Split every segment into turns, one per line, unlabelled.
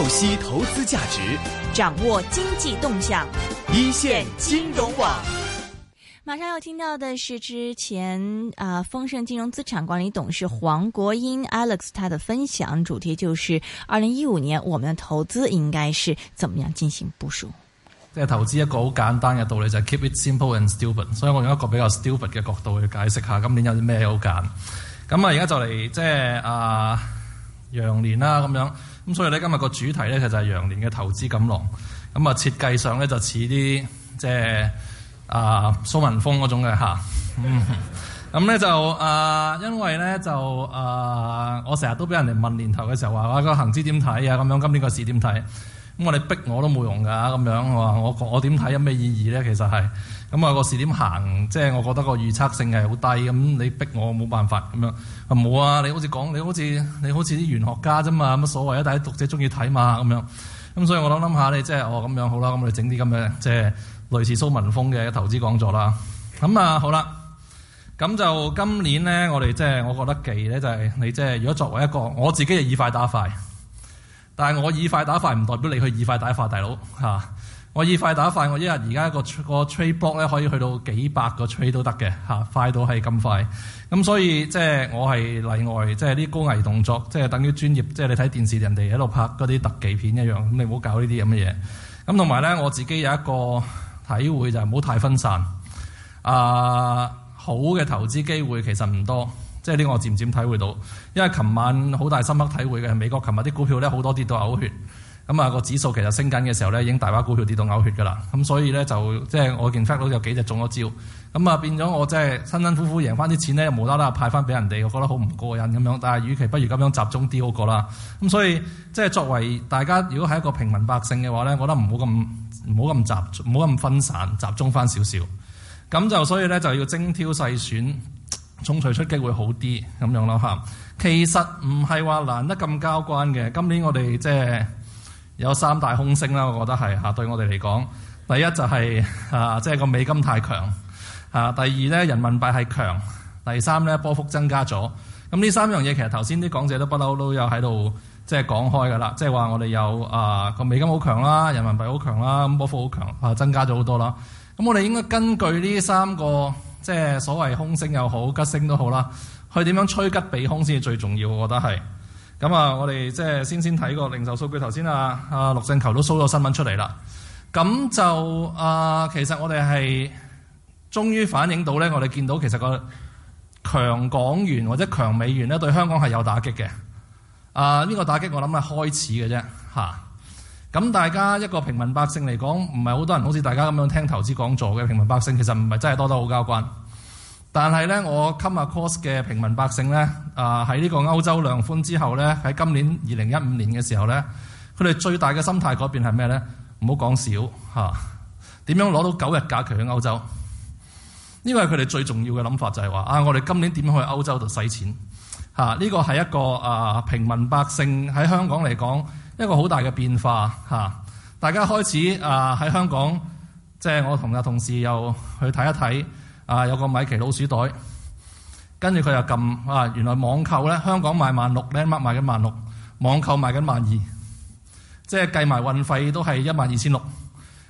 透析投資價值，掌握經濟動向，一線金融網。馬上要聽到的是之前啊、呃，豐盛金融資產管理董事黃國英 Alex 他的分享主題就是二零一五年我們的投資應該是怎麼樣進行部署。
即係投資一個好簡單嘅道理就係、是、keep it simple and stupid，所以我用一個比較 stupid 嘅角度去解釋下今年有啲咩好揀。咁啊，而家就嚟即係啊，羊、呃、年啦咁樣。咁所以咧今日個主題咧其實係羊年嘅投資錦囊，咁啊設計上咧就似啲即係啊蘇文峰嗰種嘅嚇，咁、嗯、咧就啊、呃、因為咧就啊、呃、我成日都俾人哋問年頭嘅時候話我個行資點睇啊，咁樣今年個市點睇，咁、啊、我哋逼我都冇用㗎咁樣，我話我我點睇有咩意義咧其實係。咁啊個試點行，即係我覺得個預測性係好低。咁你逼我冇辦法咁樣，啊冇啊！你好似講你好似你好似啲玄學家啫嘛，乜所謂啊？但係讀者中意睇嘛咁樣。咁所以我諗諗下你即係哦咁樣好啦，咁我哋整啲咁嘅即係類似蘇文峰嘅投資講座啦。咁啊好啦，咁就今年咧，我哋即係我覺得忌咧就係你即係如果作為一個我自己係以快打快，但係我以快打快唔代表你去以快打快，大佬嚇。我以快打快，我一日而家個個 trade block 咧可以去到幾百個 trade 都得嘅嚇，快到係咁快。咁所以即係、就是、我係例外，即係啲高危動作，即、就、係、是、等於專業，即、就、係、是、你睇電視人哋喺度拍嗰啲特技片一樣。咁你唔好搞呢啲咁嘅嘢。咁同埋咧，我自己有一個體會就係唔好太分散。啊，好嘅投資機會其實唔多，即係呢個我漸漸體會到。因為琴晚好大深刻體會嘅，美國琴日啲股票咧好多跌到嘔血。咁啊，個指數其實升緊嘅時候咧，已經大把股票跌到嘔血㗎啦。咁所以咧就即係我見到有幾隻中咗招，咁啊變咗我即係辛辛苦苦贏翻啲錢咧，又冇得啦派翻俾人哋，我覺得好唔過癮咁樣。但係，與其不如咁樣集中啲好過啦。咁所以即係作為大家，如果係一個平民百姓嘅話咧，我覺得唔好咁唔好咁集，唔好咁分散，集中翻少少咁就。所以咧就要精挑細選，重錘出擊會好啲咁樣咯嚇。其實唔係話難得咁交關嘅。今年我哋即係。就是有三大凶星啦，我覺得係嚇，對我哋嚟講，第一就係嚇，即係個美金太強嚇、啊，第二咧人民幣係強，第三咧波幅增加咗。咁呢三樣嘢其實頭先啲講者都不嬲都有喺度即係講開㗎啦，即係話我哋有啊個美金好強啦，人民幣好強啦，咁波幅好強啊增加咗好多啦。咁我哋應該根據呢三個即係、就是、所謂凶星又好吉星都好啦，去點樣趨吉避凶先係最重要，我覺得係。咁啊，我哋即係先先睇個零售數據。頭先啊啊，陸正球都 show 咗新聞出嚟啦。咁就啊，其實我哋係終於反映到咧，我哋見到其實個強港元或者強美元咧，對香港係有打擊嘅。啊，呢、這個打擊我諗係開始嘅啫吓，咁、啊、大家一個平民百姓嚟講，唔係好多人好似大家咁樣聽投資講座嘅平民百姓，其實唔係真係多得好交關。但係咧，我 come across 嘅平民百姓咧、呃，啊喺呢個歐洲量寬之後咧，喺今年二零一五年嘅時候咧，佢哋最大嘅心態改變係咩咧？唔好講少嚇，點樣攞到九日假期去歐洲？呢、這個係佢哋最重要嘅諗法，就係、是、話啊，我哋今年點樣去歐洲度使錢嚇？呢、啊這個係一個啊平民百姓喺香港嚟講一個好大嘅變化嚇、啊。大家開始啊喺香港，即、就、係、是、我同阿同事又去睇一睇。啊，有個米奇老鼠袋，跟住佢又撳啊！原來網購咧，香港賣萬六咧，mark 賣緊萬六，網購賣緊萬二，即係計埋運費都係一萬二千六。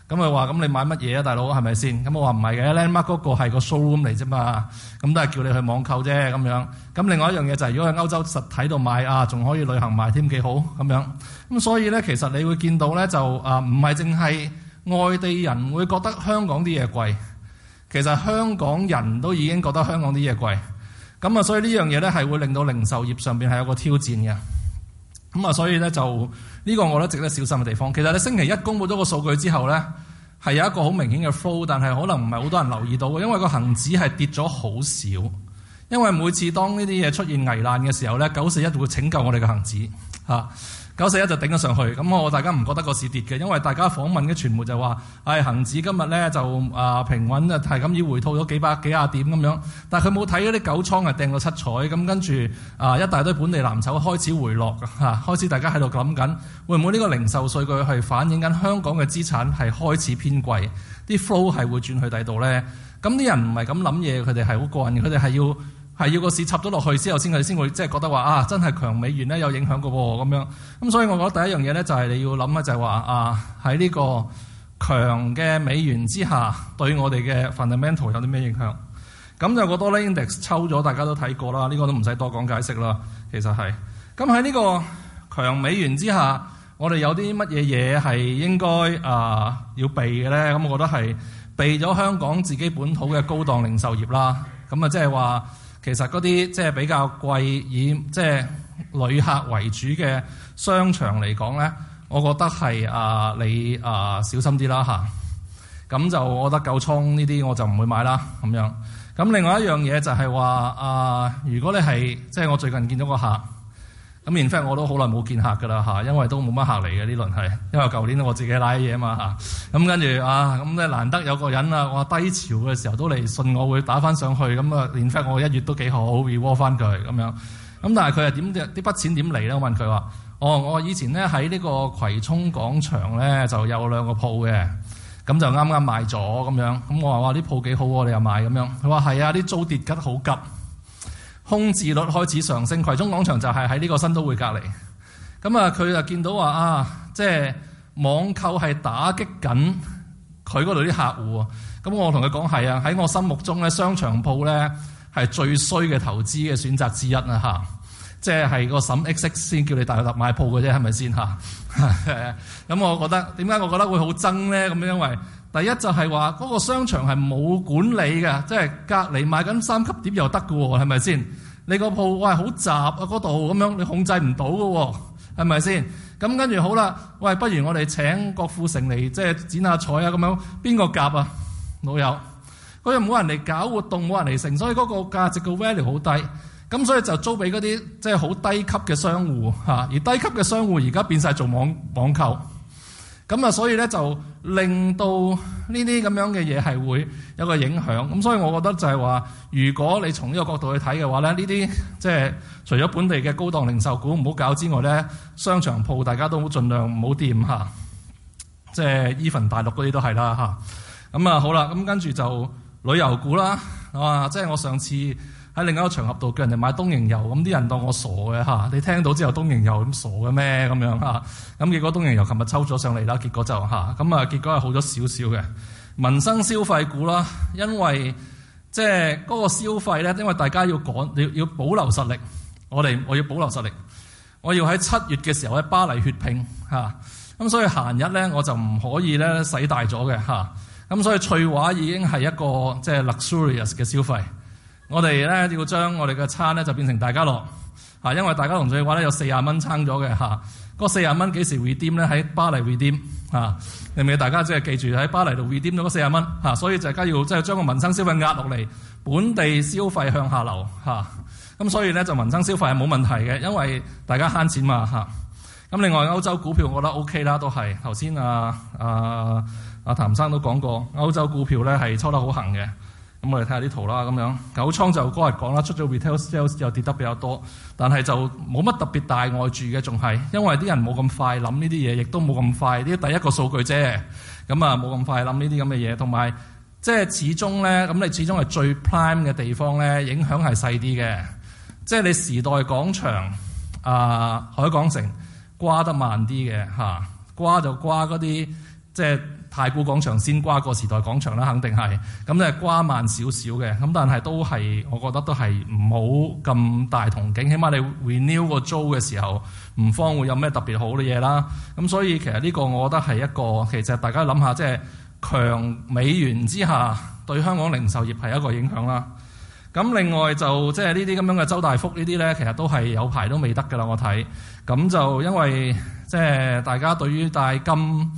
咁佢話：咁你買乜嘢啊，大佬？係咪先？咁我話唔係嘅，咧 mark 嗰個係個 showroom 嚟啫嘛，咁都係叫你去網購啫咁樣。咁另外一樣嘢就係、是、如果喺歐洲實體度買啊，仲可以旅行買、啊、添，幾好咁樣。咁所以咧，其實你會見到咧，就啊，唔係淨係外地人會覺得香港啲嘢貴。其實香港人都已經覺得香港啲嘢貴，咁啊，所以呢樣嘢呢係會令到零售業上面係有一個挑戰嘅咁啊。所以呢，就、這、呢個我覺得值得小心嘅地方。其實你星期一公布咗個數據之後呢，係有一個好明顯嘅 flow，但係可能唔係好多人留意到嘅，因為個恆指係跌咗好少。因為每次當呢啲嘢出現危難嘅時候呢，九四一會拯救我哋嘅恆指嚇。啊九四一就頂咗上去，咁我大家唔覺得個市跌嘅，因為大家訪問嘅傳媒就話，唉、哎，恒指今日呢就啊、呃、平穩啊，係咁以回吐咗幾百幾廿點咁樣，但係佢冇睇嗰啲九倉係掟到七彩，咁跟住啊、呃、一大堆本地藍籌開始回落嘅嚇、啊，開始大家喺度諗緊，會唔會呢個零售數據係反映緊香港嘅資產係開始偏貴，啲 flow 係會轉去第度呢？咁啲人唔係咁諗嘢，佢哋係好過癮，佢哋係要。係要個市插咗落去之後，先佢先會即係覺得話啊，真係強美元咧有影響嘅咁、啊、樣。咁所以我覺得第一樣嘢咧就係你要諗咧，就係話啊喺呢個強嘅美元之下，對我哋嘅 fundamental 有啲咩影響？咁就覺得咧 index 抽咗，大家都睇過啦，呢、呢個都唔使多講解釋啦。其實係咁喺呢個強美元之下，我哋有啲乜嘢嘢係應該啊、呃、要避嘅咧？咁我覺得係避咗香港自己本土嘅高檔零售業啦。咁啊，即係話。其實嗰啲即係比較貴，以即係旅客為主嘅商場嚟講咧，我覺得係、呃呃、啊，你啊小心啲啦嚇。咁就我覺得九倉呢啲我就唔會買啦咁樣。咁另外一樣嘢就係話啊，如果你係即係我最近見到個客。咁 in fact 我都好耐冇見客㗎啦嚇，因為都冇乜客嚟嘅呢輪係，因為舊年我自己拉嘢啊嘛嚇，咁跟住啊咁咧難得有個人啊，我低潮嘅時候都嚟信我會打翻上去，咁、嗯、啊 in fact 我一月都幾好，我 reward 翻佢咁樣。咁但係佢係點嘅？呢筆錢點嚟咧？我問佢話：哦，我以前咧喺呢個葵涌廣場咧就有兩個鋪嘅，咁就啱啱賣咗咁樣。咁我話：哇，啲鋪幾好，你又買咁樣？佢話：係啊，啲租，租跌得好急。空置率開始上升，葵涌廣場就係喺呢個新都會隔離。咁、嗯、啊，佢就見到話啊，即、就、係、是、網購係打擊緊佢嗰度啲客戶。咁、嗯、我同佢講係啊，喺我心目中咧，商場鋪咧係最衰嘅投資嘅選擇之一啊。吓，即係係個審 XX 先叫你大立買鋪嘅啫，係咪先吓，咁、啊 嗯、我覺得點解我覺得會好憎咧？咁因為第一就係話嗰個商場係冇管理嘅，即係隔離賣緊三級碟又得㗎喎，係咪先？你個鋪我係好雜啊嗰度咁樣，你控制唔到㗎喎，係咪先？咁跟住好啦，喂，不如我哋請郭富城嚟即係剪下彩啊咁樣，邊個夾啊老友？嗰又冇人嚟搞活動，冇人嚟成，所以嗰個價值嘅 value 好低，咁所以就租俾嗰啲即係好低級嘅商戶嚇，而低級嘅商戶而家變晒做網網購。咁啊，所以咧就令到呢啲咁樣嘅嘢係會有個影響。咁所以我覺得就係話，如果你從呢個角度去睇嘅話咧，呢啲即係除咗本地嘅高檔零售股唔好搞之外咧，商場鋪大家都盡量唔好掂吓。即係伊份大陸嗰啲都係啦吓。咁啊好啦，咁跟住就旅遊股啦啊，即係我上次。喺另一個場合度叫人哋買東瀛遊，咁啲人當我傻嘅嚇。你聽到之後，東瀛遊咁傻嘅咩咁樣嚇？咁結果東瀛遊琴日抽咗上嚟啦，結果就嚇咁啊！結果係好咗少少嘅民生消費股啦，因為即係嗰個消費咧，因為大家要趕，要要保留實力，我哋我要保留實力，我要喺七月嘅時候喺巴黎血拼嚇。咁、啊、所以閒日咧我就唔可以咧使大咗嘅嚇。咁、啊、所以翠華已經係一個即係、就是、luxurious 嘅消費。我哋咧要將我哋嘅餐咧就變成大家樂嚇，因為大家同樂嘅話咧有四十蚊撐咗嘅嚇，四十蚊幾時 redeem 咧？喺巴黎 redeem 嚇、啊，令令唔大家即係記住喺巴黎度 redeem 咗嗰四十蚊嚇、啊？所以大家要即係將個民生消費壓落嚟，本地消費向下流嚇。咁、啊、所以咧就民生消費係冇問題嘅，因為大家慳錢嘛嚇。咁、啊、另外歐洲股票我覺得 OK 啦，都係頭、啊啊啊、先啊啊啊譚生都講過，歐洲股票咧係抽得好行嘅。咁我哋睇下啲圖啦，咁樣九倉就嗰日講啦，出咗 retail sales 又跌得比較多，但係就冇乜特別大外注嘅，仲係因為啲人冇咁快諗呢啲嘢，亦都冇咁快呢啲第一個數據啫。咁啊冇咁快諗呢啲咁嘅嘢，同埋即係始終咧，咁你始終係最 prime 嘅地方咧，影響係細啲嘅。即係你時代廣場啊、海港城瓜得慢啲嘅嚇，瓜、啊、就瓜嗰啲即係。太古廣場先瓜個時代廣場啦，肯定係咁咧，瓜慢少少嘅，咁但係都係，我覺得都係唔好咁大憧憬，起碼你 renew 個租嘅時候，唔方會有咩特別好嘅嘢啦。咁所以其實呢個我覺得係一個，其實大家諗下，即係強美元之下對香港零售業係一個影響啦。咁另外就即係呢啲咁樣嘅周大福呢啲呢，其實都係有排都未得㗎啦。我睇咁就因為即係大家對於帶金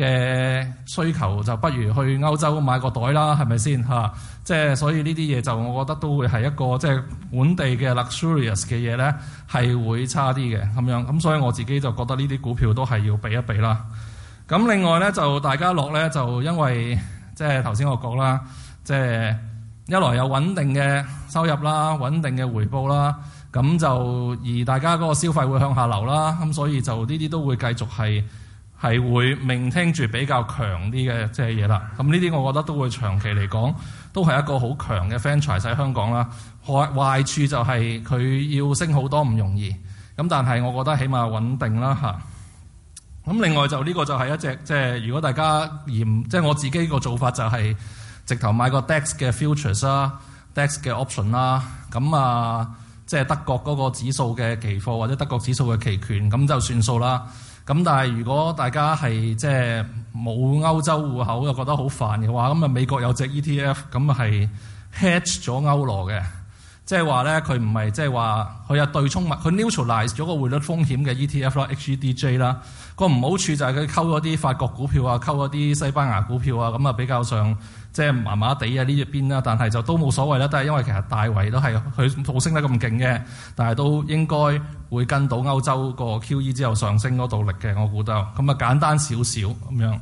嘅需求就不如去歐洲買個袋啦，係咪先嚇？即係所以呢啲嘢就我覺得都會係一個即係本地嘅 luxurious 嘅嘢呢，係會差啲嘅咁樣。咁所以我自己就覺得呢啲股票都係要比一比啦。咁另外呢，就大家樂呢，就因為即係頭先我講啦，即係一來有穩定嘅收入啦，穩定嘅回報啦，咁就而大家嗰個消費會向下流啦，咁所以就呢啲都會繼續係。係會明聽住比較強啲嘅即係嘢啦，咁呢啲我覺得都會長期嚟講都係一個好強嘅 fantasy 喺香港啦。壞壞處就係佢要升好多唔容易，咁但係我覺得起碼穩定啦吓，咁、啊、另外就呢、這個就係一隻即係如果大家嫌即係、就是、我自己個做法就係、是、直頭買個 DAX 嘅 futures 啦 de、啊、DAX 嘅 option 啦，咁啊即係德國嗰個指數嘅期貨或者德國指數嘅期權，咁就算數啦。咁但係如果大家係即係冇歐洲戶口又覺得好煩嘅話，咁啊美國有隻 ETF 咁啊係 hedge 咗歐羅嘅，即係話咧佢唔係即係話佢有對沖物，佢 neutralize 咗個匯率風險嘅 ETF 啦，HEDJ 啦。個唔好處就係佢溝嗰啲法國股票啊，溝嗰啲西班牙股票啊，咁啊比較上。即係麻麻地啊呢一邊啦，但係就都冇所謂啦。但係因為其實大圍都係佢套升得咁勁嘅，但係都應該會跟到歐洲個 QE 之後上升嗰度力嘅。我估得咁啊簡單少少咁樣。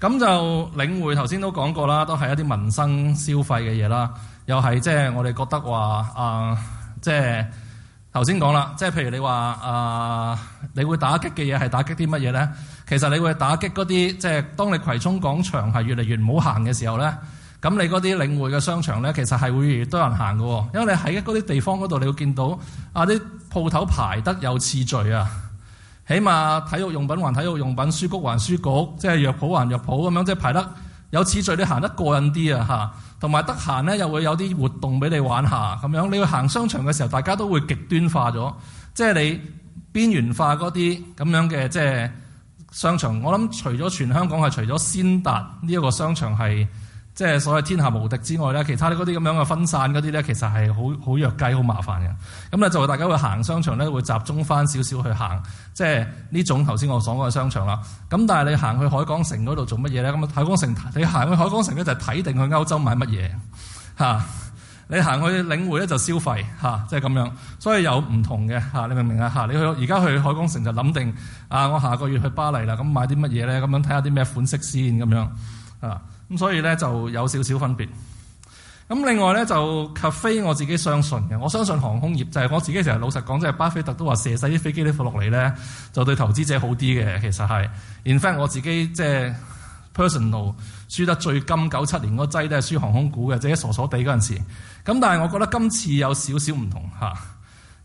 咁就領匯頭先都講過啦，都係一啲民生消費嘅嘢啦。又係即係我哋覺得話啊，即係頭先講啦，即係譬如你話啊，呃，你會打擊嘅嘢係打擊啲乜嘢咧？其實你會打擊嗰啲，即係當你葵涌廣場係越嚟越唔好行嘅時候呢。咁你嗰啲領匯嘅商場呢，其實係會越嚟越多人行嘅。因為你喺嗰啲地方嗰度，你會見到啊啲鋪頭排得有次序啊，起碼體育用品還體育用品，書局還書局，即係藥鋪還藥鋪咁樣，即係排得有次序，你行得過癮啲啊嚇。同埋得閒呢，又會有啲活動俾你玩下咁樣。你去行商場嘅時候，大家都會極端化咗，即係你邊緣化嗰啲咁樣嘅，即係。商場，我諗除咗全香港係除咗先達呢一個商場係即係所謂天下無敵之外呢，其他啲嗰啲咁樣嘅分散嗰啲呢，其實係好好弱雞、好麻煩嘅。咁咧就大家會行商場呢，會集中翻少少去行，即係呢種頭先我所講嘅商場啦。咁但係你行去海港城嗰度做乜嘢呢？咁啊，海港城你行去海港城咧就睇定去歐洲買乜嘢嚇。啊你行去領匯咧就消費嚇，即係咁樣，所以有唔同嘅嚇、啊，你明唔明啊嚇？你去而家去海港城就諗定啊，我下個月去巴黎啦，咁、嗯、買啲乜嘢咧？咁樣睇下啲咩款式先咁樣啊，咁、啊、所以咧就有少少分別。咁、啊、另外咧就 cafe，我自己相信嘅，我相信航空業就係、是、我自己成日老實講，即、就、係、是、巴菲特都話射晒啲飛機啲貨落嚟咧，就對投資者好啲嘅。其實係，in fact 我自己即係、就是、personal。輸得最甘九七年嗰劑都係輸航空股嘅，即係傻傻地嗰陣時。咁但係我覺得今次有少少唔同吓、啊，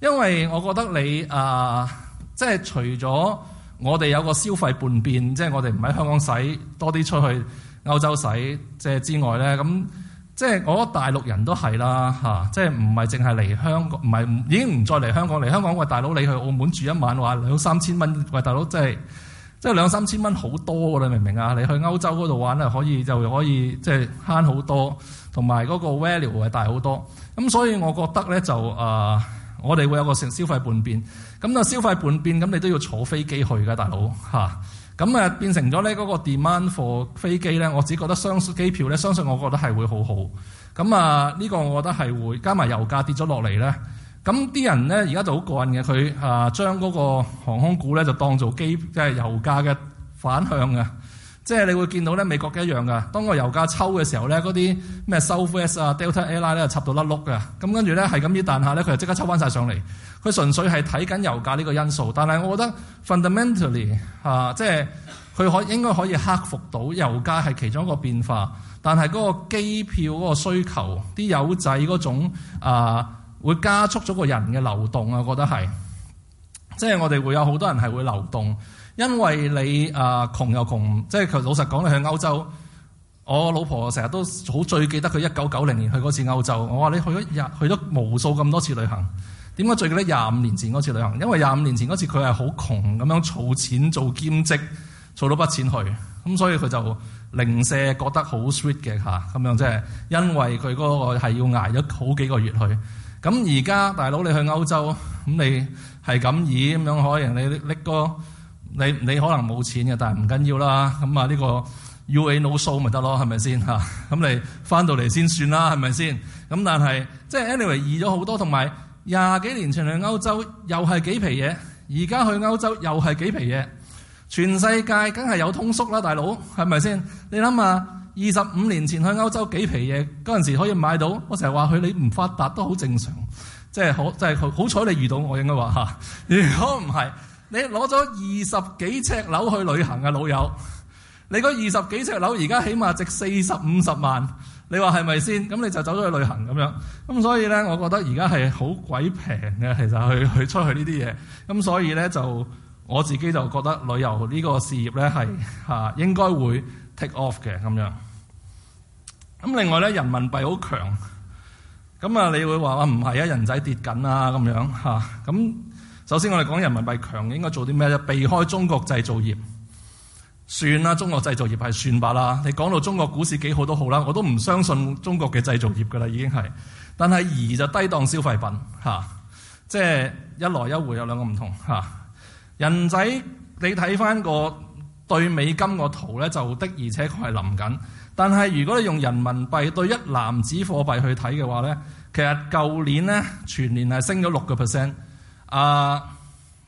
因為我覺得你啊，即係除咗我哋有個消費叛變，即係我哋唔喺香港使多啲出去歐洲使即係之外呢，咁即係我覺得大陸人都係啦吓，即係唔係淨係嚟香港，唔係已經唔再嚟香港嚟香港，喂大佬你去澳門住一晚，話兩三千蚊，喂大佬即係。即係兩三千蚊好多㗎啦，明唔明啊？你去歐洲嗰度玩咧，可以就可以即係慳好多，同埋嗰個 value 係大好多。咁所以我覺得咧就誒、呃，我哋會有個成消費半變。咁啊，消費半變，咁你都要坐飛機去㗎，大佬嚇。咁啊，變成咗咧嗰個 demand for 飛機咧，我只覺得相機票咧，相信我覺得係會好好。咁啊，呢個我覺得係會加埋油價跌咗落嚟咧。咁啲人咧，而家就好過癮嘅，佢啊、呃、將嗰個航空股咧就當做機即係油價嘅反向啊！即係你會見到咧，美國嘅一樣噶，當個油價抽嘅時候咧，嗰啲咩 Southwest、Delta Airline 咧、啊、插到甩碌㗎，咁跟住咧係咁啲彈下咧，佢就即刻抽翻晒上嚟。佢純粹係睇緊油價呢個因素，但係我覺得 fundamentally 啊，即係佢可應該可以克服到油價係其中一個變化，但係嗰個機票嗰個需求、啲友仔嗰種啊。會加速咗個人嘅流動啊！我覺得係，即係我哋會有好多人係會流動，因為你啊、呃、窮又窮，即係佢老實講你去歐洲，我老婆成日都好最記得佢一九九零年去嗰次歐洲。我話你去咗日去咗無數咁多次旅行，點解最記得廿五年前嗰次旅行？因為廿五年前嗰次佢係好窮咁樣儲錢做兼職儲到筆錢去，咁、嗯、所以佢就零舍覺得好 sweet 嘅嚇咁樣、就是，即係因為佢嗰個係要捱咗好幾個月去。咁而家大佬你去歐洲，咁你係咁意，咁樣可以，你搦個你你可能冇錢嘅，但係唔緊要啦。咁啊，呢個 UA no show 咪得咯，係咪先吓？咁 你翻到嚟先算啦，係咪先？咁但係即係 anyway 易咗好多，同埋廿幾年前去歐洲又係幾皮嘢，而家去歐洲又係幾皮嘢。全世界梗係有通縮啦，大佬係咪先？你諗下。二十五年前去歐洲幾皮嘢，嗰陣時可以買到，我成日話佢你唔發達都好正常，即係好即係好彩你遇到我，我應該話嚇、啊。如果唔係，你攞咗二十幾尺樓去旅行嘅、啊、老友，你嗰二十幾尺樓而家起碼值四十五十萬，你話係咪先？咁你就走咗去旅行咁樣。咁、啊、所以呢，我覺得而家係好鬼平嘅，其實去去出去呢啲嘢。咁、啊、所以呢，就我自己就覺得旅遊呢個事業呢係嚇、啊、應該會。take off 嘅，咁樣，咁另外咧，人民幣好強，咁啊你會話啊，唔係啊，啊人仔跌緊啊咁樣嚇，咁、啊、首先我哋講人民幣強應該做啲咩咧？避開中國製造業，算啦，中國製造業係算吧啦。你講到中國股市幾好都好啦，我都唔相信中國嘅製造業噶啦，已經係。但係而就低檔消費品嚇、啊，即係一來一回有兩個唔同嚇、啊。人仔你睇翻個。對美金個圖咧，就的而且確係臨緊。但係如果你用人民幣對一籃子貨幣去睇嘅話咧，其實舊年咧全年係升咗六個 percent。啊、呃，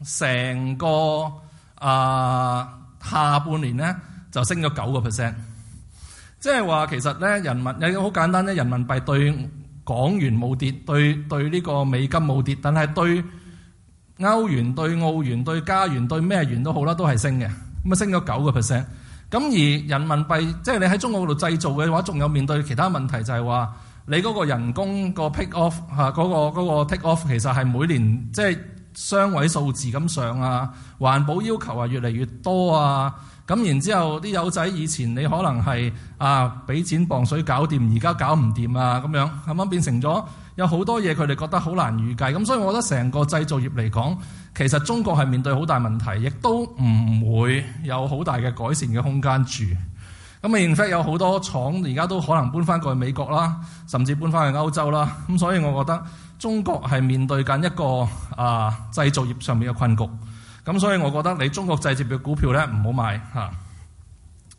成個啊下半年咧就升咗九個 percent。即係話其實咧人民有好簡單咧，人民幣對港元冇跌，對對呢個美金冇跌，但係對歐元、對澳元、對加元、對咩元都好啦，都係升嘅。咁升咗九個 percent，咁而人民幣即係你喺中國嗰度製造嘅話，仲有面對其他問題就係話，你嗰個人工個 take off，啊嗰個 take off 嚇，嗰個嗰個 take off 其實係每年即係雙位數字咁上啊，環保要求啊越嚟越多啊，咁、啊、然之後啲友仔以前你可能係啊俾錢磅水搞掂，而家搞唔掂啊咁樣，咁樣變成咗。有好多嘢佢哋覺得好難預計，咁所以我覺得成個製造業嚟講，其實中國係面對好大問題，亦都唔會有好大嘅改善嘅空間住。咁 in fact 有好多廠而家都可能搬翻過去美國啦，甚至搬翻去歐洲啦。咁所以我覺得中國係面對緊一個啊製造業上面嘅困局。咁所以我覺得你中國製造業股票呢，唔好買嚇。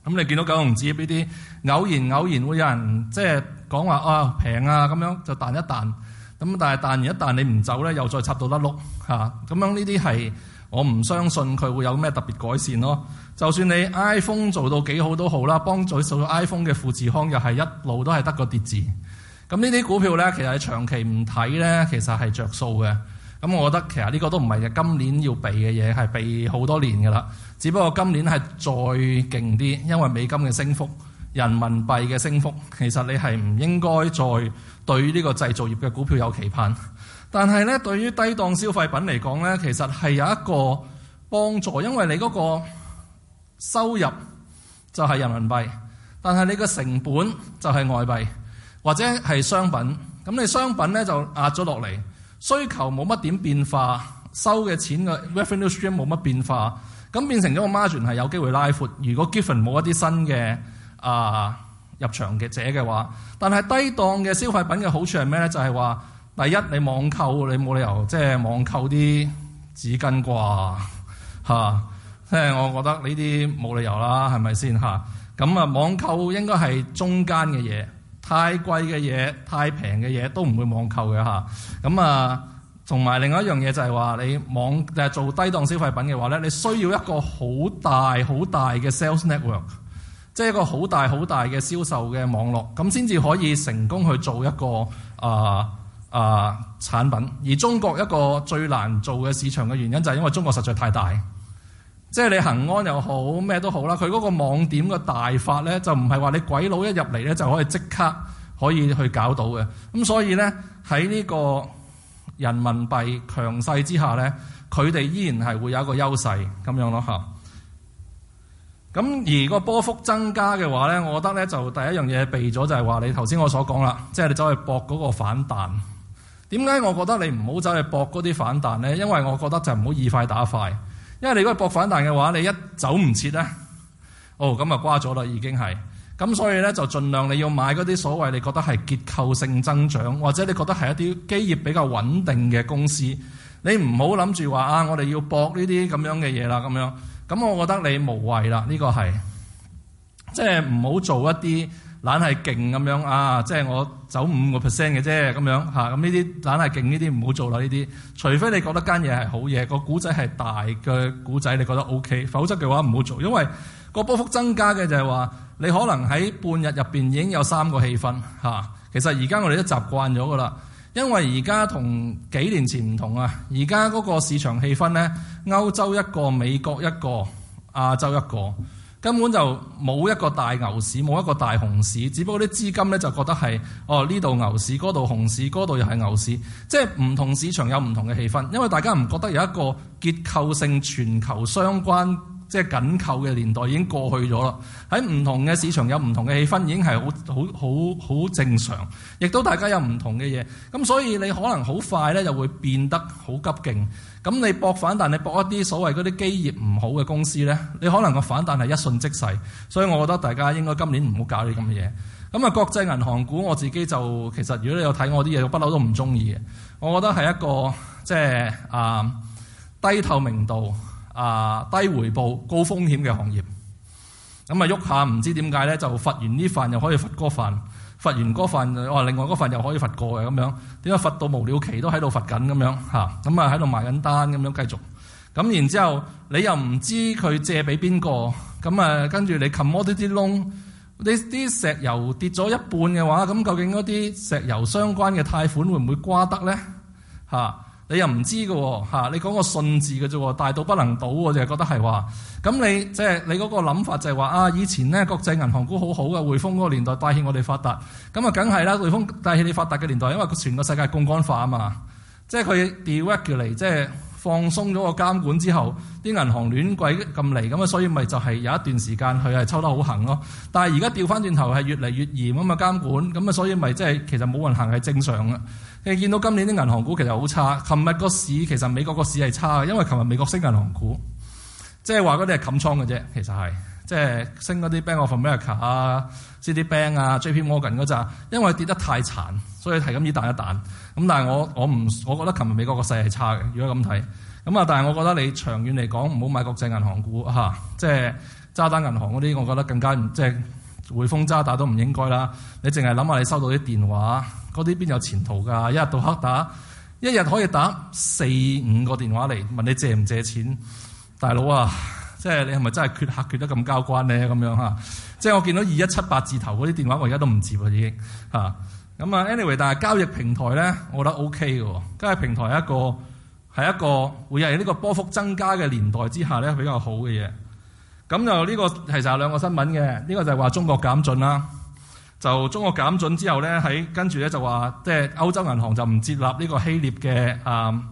咁、啊、你見到玖龍紙業呢啲偶然偶然會有人即係。講話、哦、啊平啊咁樣就彈一彈，咁但係彈完一彈你唔走呢，又再插到得碌嚇，咁、啊、樣呢啲係我唔相信佢會有咩特別改善咯。就算你 iPhone 做到幾好都好啦，幫助手 iPhone 嘅富士康又係一路都係得個跌字。咁呢啲股票呢，其實係長期唔睇呢，其實係着數嘅。咁我覺得其實呢個都唔係今年要避嘅嘢，係避好多年噶啦。只不過今年係再勁啲，因為美金嘅升幅。人民幣嘅升幅，其實你係唔應該再對呢個製造業嘅股票有期盼。但係咧，對於低檔消費品嚟講咧，其實係有一個幫助，因為你嗰個收入就係人民幣，但係你嘅成本就係外幣或者係商品。咁你商品咧就壓咗落嚟，需求冇乜點變化，收嘅錢嘅 revenue stream 冇乜變化，咁變成咗個 margin 係有機會拉闊。如果 given 冇一啲新嘅啊！入場嘅者嘅話，但係低檔嘅消費品嘅好處係咩呢？就係、是、話，第一你網購你冇理由即係、就是、網購啲紙巾啩嚇，即、啊、係我覺得呢啲冇理由啦，係咪先嚇？咁啊，網購應該係中間嘅嘢，太貴嘅嘢、太平嘅嘢都唔會網購嘅嚇。咁啊，同埋另外一樣嘢就係話，你網、啊、做低檔消費品嘅話呢，你需要一個好大好大嘅 sales network。即係一個好大好大嘅銷售嘅網絡，咁先至可以成功去做一個啊啊、呃呃、產品。而中國一個最難做嘅市場嘅原因就係因為中國實在太大。即係你恆安又好咩都好啦，佢嗰個網點嘅大法呢，就唔係話你鬼佬一入嚟呢，就可以即刻可以去搞到嘅。咁所以呢，喺呢個人民幣強勢之下呢，佢哋依然係會有一個優勢咁樣咯嚇。咁而個波幅增加嘅話呢，我覺得呢就第一樣嘢避咗就係話你頭先我所講啦，即係你走去搏嗰個反彈。點解我覺得你唔好走去搏嗰啲反彈呢？因為我覺得就唔好以快打快，因為你如果係搏反彈嘅話，你一走唔切咧，哦咁啊瓜咗啦已經係。咁所以呢，就儘量你要買嗰啲所謂你覺得係結構性增長，或者你覺得係一啲基業比較穩定嘅公司，你唔好諗住話啊，我哋要搏呢啲咁樣嘅嘢啦，咁樣。咁、嗯、我覺得你無謂啦，呢、這個係即係唔好做一啲懶係勁咁樣啊！即、就、係、是、我走五個 percent 嘅啫咁樣吓，咁呢啲懶係勁呢啲唔好做啦。呢啲除非你覺得間嘢係好嘢，那個古仔係大嘅古仔，你覺得 O、OK, K，否則嘅話唔好做，因為個波幅增加嘅就係話你可能喺半日入邊已經有三個氣氛吓，啊。其實而家我哋都習慣咗噶啦。因為而家同幾年前唔同啊！而家嗰個市場氣氛呢，歐洲一個、美國一個、亞洲一個，根本就冇一個大牛市、冇一個大熊市。只不過啲資金呢，就覺得係，哦呢度牛市，嗰度熊市，嗰度又係牛市，即係唔同市場有唔同嘅氣氛。因為大家唔覺得有一個結構性全球相關。即係緊扣嘅年代已經過去咗啦，喺唔同嘅市場有唔同嘅氣氛，已經係好好好正常，亦都大家有唔同嘅嘢。咁所以你可能好快呢就會變得好急勁。咁你搏反彈，你搏一啲所謂嗰啲基業唔好嘅公司呢，你可能個反彈係一瞬即逝。所以我覺得大家應該今年唔好搞啲咁嘅嘢。咁啊，國際銀行股我自己就其實如果你有睇我啲嘢，我不嬲都唔中意嘅。我覺得係一個即係啊低透明度。啊，低回報高風險嘅行業，咁啊喐下，唔知點解咧就發完呢份又可以發嗰份，發完嗰份另外份又可以發過嘅咁樣，點解發到無了期都喺度發緊咁樣吓，咁啊喺度埋緊單咁樣繼續，咁、嗯、然之後你又唔知佢借俾邊個，咁啊跟住你 commodity loan，你啲石油跌咗一半嘅話，咁究竟嗰啲石油相關嘅貸款會唔會瓜得咧嚇？啊你又唔知嘅喎、哦，你講個信字嘅啫喎，大到不能倒喎，就係覺得係話咁你即係你嗰個諗法就係、是、話啊，以前咧國際銀行股好好、啊、嘅，匯豐嗰個年代帶起我哋發達，咁啊梗係啦，匯豐帶起你發達嘅年代，因為全個世界槓桿化啊嘛，即係佢 deregulate 即係放鬆咗個監管之後，啲銀行亂鬼咁嚟，咁啊所以咪就係有一段時間佢係抽得好行咯，但係而家調翻轉頭係越嚟越嚴啊嘛監管，咁啊所以咪即係其實冇運行係正常啊。你見到今年啲銀行股其實好差。琴日個市其實美國個市係差嘅，因為琴日美國升銀行股，即係話嗰啲係冚倉嘅啫。其實係即係升嗰啲 Bank of America 啊、Citibank 啊、J.P. Morgan 嗰陣，因為跌得太殘，所以係咁易彈一彈。咁但係我我唔，我覺得琴日美國個勢係差嘅。如果咁睇咁啊，但係我覺得你長遠嚟講唔好買國際銀行股嚇、啊，即係渣打銀行嗰啲，我覺得更加唔，即係匯豐渣打，打都唔應該啦。你淨係諗下你收到啲電話。嗰啲邊有前途㗎？一日到黑打，一日可以打四五個電話嚟問你借唔借錢，大佬啊，即係你係咪真係缺客缺得咁交關咧？咁樣嚇，即係我見到二一七八字頭嗰啲電話，我而家都唔接啊已經嚇。咁啊，anyway，但係交易平台咧，我覺得 OK 嘅。交易平台係一個係一個會喺呢個波幅增加嘅年代之下咧比較好嘅嘢。咁就呢個其實有兩個新聞嘅。呢個就係話中國減準啦。就中國減準之後呢，喺跟住呢就話，即係歐洲銀行就唔接納呢個希臘嘅誒、嗯、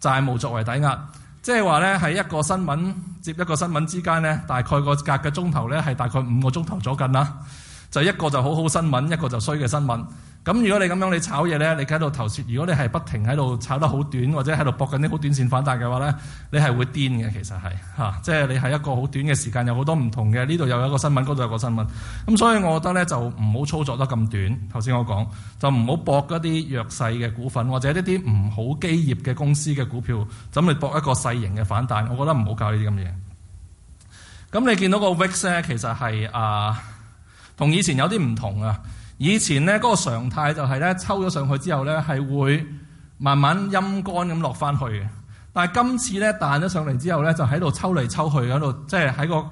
債務作為抵押，即係話呢，喺一個新聞接一個新聞之間呢，大概個隔嘅鐘頭呢係大概五個鐘頭左近啦。就一個就好好新聞，一個就衰嘅新聞。咁如果你咁樣你炒嘢呢，你喺度投蝕。如果你係不停喺度炒得好短，或者喺度搏緊啲好短線反彈嘅話呢，你係會癲嘅。其實係嚇，即係你係一個好短嘅時間，有好多唔同嘅。呢度又有一個新聞，嗰度有個新聞。咁所以我覺得呢，就唔好操作得咁短。頭先我講，就唔好搏嗰啲弱勢嘅股份，或者一啲唔好基業嘅公司嘅股票，咁你搏一個細型嘅反彈。我覺得唔好搞呢啲咁嘢。咁你見到個 VIX 呢，其實係啊～、呃同以前有啲唔同啊！以前呢嗰個常態就係呢，抽咗上去之後呢，係會慢慢陰乾咁落翻去嘅，但係今次呢，彈咗上嚟之後呢，就喺度抽嚟抽去，喺度即係喺個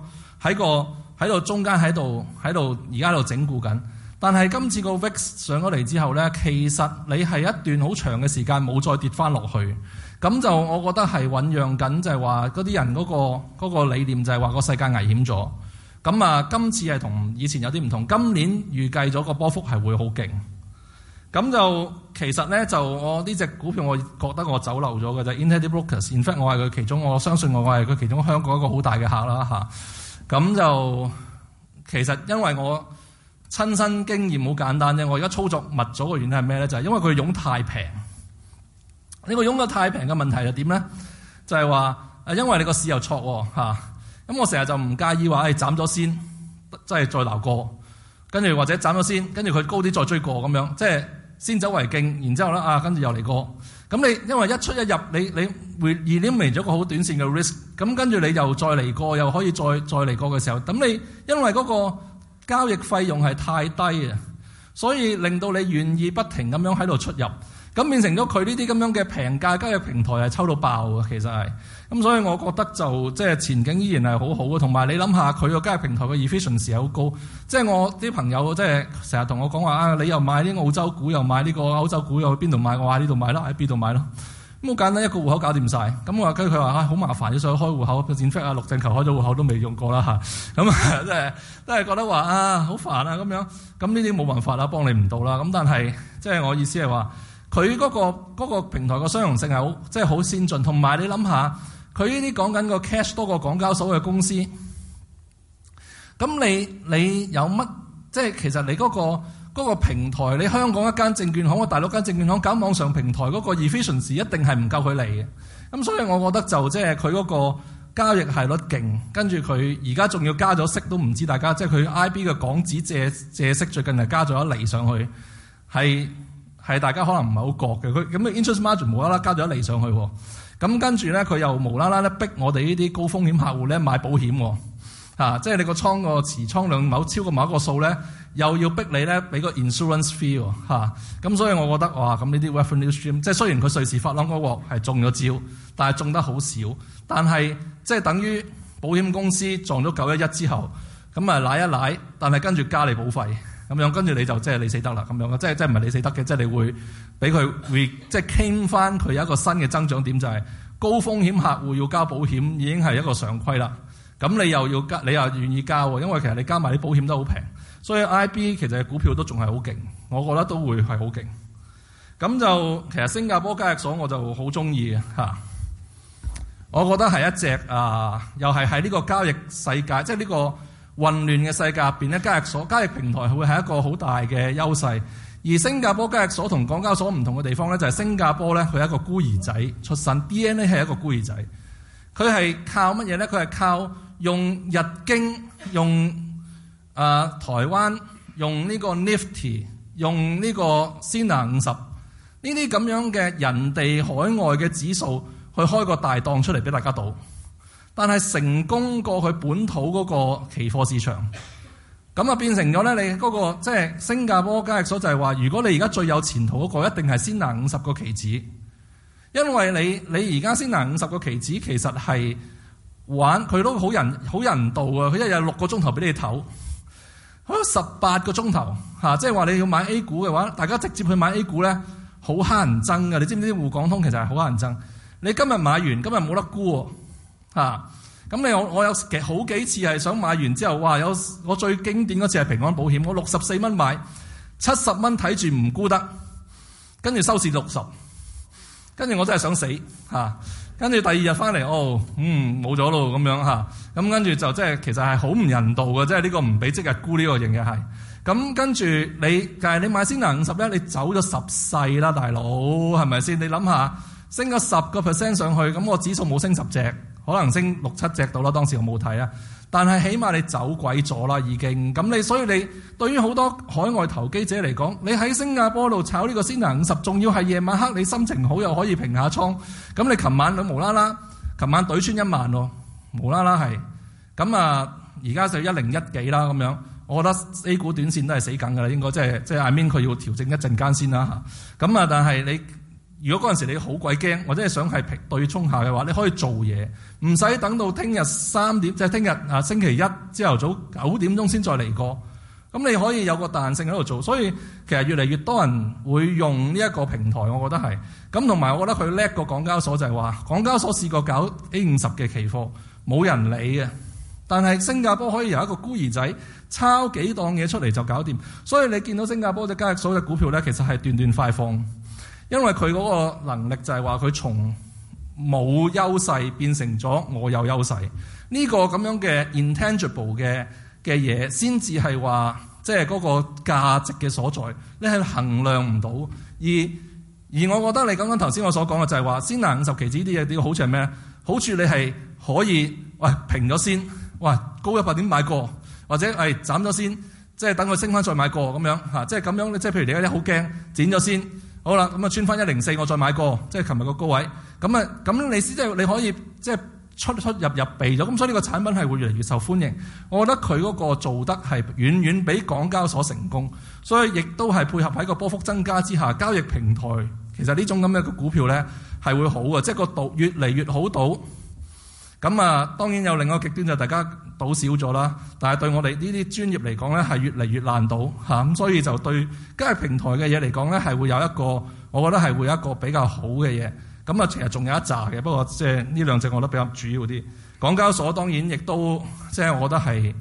喺個喺度中間喺度喺度而家喺度整固緊。但係今次個 VIX 上咗嚟之後呢，其實你係一段好長嘅時間冇再跌翻落去，咁就我覺得係醖釀緊，就係話嗰啲人嗰個嗰個理念就係話個世界危險咗。咁啊，今次係同以前有啲唔同。今年預計咗個波幅係會好勁。咁就其實咧，就我呢隻股票，我覺得我走漏咗嘅就 Interactive Brokers，In fact，我係佢其中，我相信我係佢其中香港一個好大嘅客啦嚇。咁、嗯、就其實因為我親身經驗好簡單啫，我而家操作密咗嘅原因係咩咧？就係、是、因為佢傭太平。呢、這個傭得太平嘅問題係點咧？就係話誒，因為你個市又錯喎咁我成日就唔介意話，誒斬咗先，即係再鬧過，跟住或者斬咗先，跟住佢高啲再追過咁樣，即係先走為敬。然之後咧啊，跟住又嚟過。咁你因為一出一入，你你會 eliminate 咗個好短線嘅 risk。咁跟住你又再嚟過，又可以再再嚟過嘅時候，咁你因為嗰個交易費用係太低啊，所以令到你願意不停咁樣喺度出入。咁變成咗佢呢啲咁樣嘅平價交易平台係抽到爆啊！其實係咁，所以我覺得就即係前景依然係好好。同埋你諗下佢個交易平台嘅 efficiency 好高，即係我啲朋友即係成日同我講話啊，你又買啲澳洲股，又買呢個歐洲股，又去邊度買？我話呢度買咯，喺邊度買咯咁好簡單，一個戶口搞掂晒。咁我話佢，佢話，好麻煩，所以開戶口剪 check 啊，陸振球開咗戶口都未用過啦嚇。咁、嗯、即係都係覺得話啊，好煩啊咁樣咁呢啲冇辦法啦，幫你唔到啦。咁但係即係我意思係話。佢嗰、嗰個嗰個平台個商容性係好，即係好先進。同埋你諗下，佢呢啲講緊個 cash 多過港交所嘅公司，咁你你有乜？即、就、係、是、其實你嗰、嗰個嗰個平台，你香港一間證券行我大陸間證券行搞網上平台嗰個 efficiency 一定係唔夠佢嚟嘅。咁所以我覺得就即係佢嗰個交易係率勁，跟住佢而家仲要加咗息，都唔知大家即係佢 IB 嘅港紙借借息最近係加咗一釐上去，係。係大家可能唔係好覺嘅，佢咁嘅 interest margin 無啦啦加咗一厘上去，咁跟住咧佢又無啦啦咧逼我哋呢啲高風險客戶咧買保險，嚇、啊，即係你個倉個持倉量冇超過某一個數咧，又要逼你咧俾個 insurance fee 嚇、啊，咁、啊、所以我覺得哇，咁呢啲 revenue stream，即係雖然佢瑞士法郎嗰鑊係中咗招，但係中得好少，但係即係等於保險公司撞咗九一一之後，咁啊舐一舐，但係跟住加你保費。咁樣跟住你就即係你死得啦，咁樣咯，即係即係唔係你死得嘅，即係你會俾佢會即係傾翻佢有一個新嘅增長點，就係高風險客戶要交保險已經係一個常規啦。咁你又要交，你又願意交喎，因為其實你加埋啲保險都好平，所以 IB 其實股票都仲係好勁，我覺得都會係好勁。咁就其實新加坡交易所我就好中意嘅吓，我覺得係一隻啊，又係喺呢個交易世界，即係呢個。混亂嘅世界入邊咧，交易所、交易平台會係一個好大嘅優勢。而新加坡交易所同港交所唔同嘅地方咧，就係、是、新加坡咧，佢係一個孤兒仔出身，DNA 係一個孤兒仔。佢係靠乜嘢咧？佢係靠用日經、用啊、呃、台灣、用呢個 Nifty、用呢個 China A50 呢啲咁樣嘅人哋海外嘅指數去開個大檔出嚟俾大家賭。但係成功過去本土嗰個期貨市場，咁啊變成咗咧、那個。你嗰個即係新加坡交易所就係話，如果你而家最有前途嗰、那個一定係先拿五十個期指，因為你你而家先拿五十個期指其實係玩佢都好人好人道啊。佢一日六個鐘頭俾你唞，咁十八個鐘頭嚇，即係話你要買 A 股嘅話，大家直接去買 A 股咧，好乞人憎㗎。你知唔知滬港通其實係好乞人憎？你今日買完，今日冇得沽、啊。嚇，咁你我我有其好幾次係想買完之後，哇！有我最經典嗰次係平安保險，我六十四蚊買，七十蚊睇住唔沽得，跟住收市六十、啊，跟住我真係想死嚇。跟住第二日翻嚟，哦，嗯冇咗咯咁樣嚇。咁、啊、跟住就真係其實係好唔人道嘅，即係呢個唔俾即日沽呢個型嘅係咁。跟住你但係你買先能五十一，你走咗十世啦，大佬係咪先？你諗下升咗十個 percent 上去，咁我指數冇升十隻。可能升六七隻到啦，當時我冇睇啊。但係起碼你走鬼咗啦，已經咁你，所以你對於好多海外投機者嚟講，你喺新加坡度炒呢個新華五十，仲要係夜晚黑，你心情好又可以平下倉。咁你琴晚佢無啦啦，琴晚對穿一萬喎，無啦啦係。咁啊，而家就一零一幾啦咁樣。我覺得 A 股短線都係死梗㗎啦，應該即係即係 I mean 佢要調整一陣間先啦嚇。咁啊，但係你。如果嗰陣時你好鬼驚，或者係想係平對沖下嘅話，你可以做嘢，唔使等到聽日三點，即係聽日啊星期一朝頭早九點鐘先再嚟過。咁你可以有個彈性喺度做，所以其實越嚟越多人會用呢一個平台，我覺得係。咁同埋我覺得佢叻過港交所就係話，港交所試過搞 A 五十嘅期貨，冇人理嘅。但係新加坡可以由一個孤兒仔抄幾檔嘢出嚟就搞掂，所以你見到新加坡嘅交易所嘅股票呢，其實係斷斷快放。因為佢嗰個能力就係話佢從冇優勢變成咗我有優勢呢個咁樣嘅 intangible 嘅嘅嘢，先至係話即係嗰個價值嘅所在，你係衡量唔到，而而我覺得你講緊頭先，我所講嘅就係話先難五十期指啲嘢，啲好處係咩好處？你係可以喂平咗先，喂高一百點買過，或者係斬咗先，即係等佢升翻再買過咁樣吓。即係咁樣，即係譬如你有啲好驚剪咗先。好啦，咁啊，穿翻一零四，我再買過，即係琴日個高位。咁啊，咁你先即係你可以即係出出入入避咗。咁所以呢個產品係會越嚟越受歡迎。我覺得佢嗰個做得係遠遠比港交所成功。所以亦都係配合喺個波幅增加之下，交易平台其實呢種咁嘅股票呢係會好嘅，即係個度越嚟越好到。咁啊，當然有另外極端就大家。好少咗啦，但係對我哋呢啲專業嚟講呢係越嚟越難到。嚇、嗯、咁，所以就對交易平台嘅嘢嚟講呢係會有一個，我覺得係會有一個比較好嘅嘢。咁啊，其實仲有一紮嘅，不過即係呢兩隻，我覺得比較主要啲。港交所當然亦都即係，我覺得係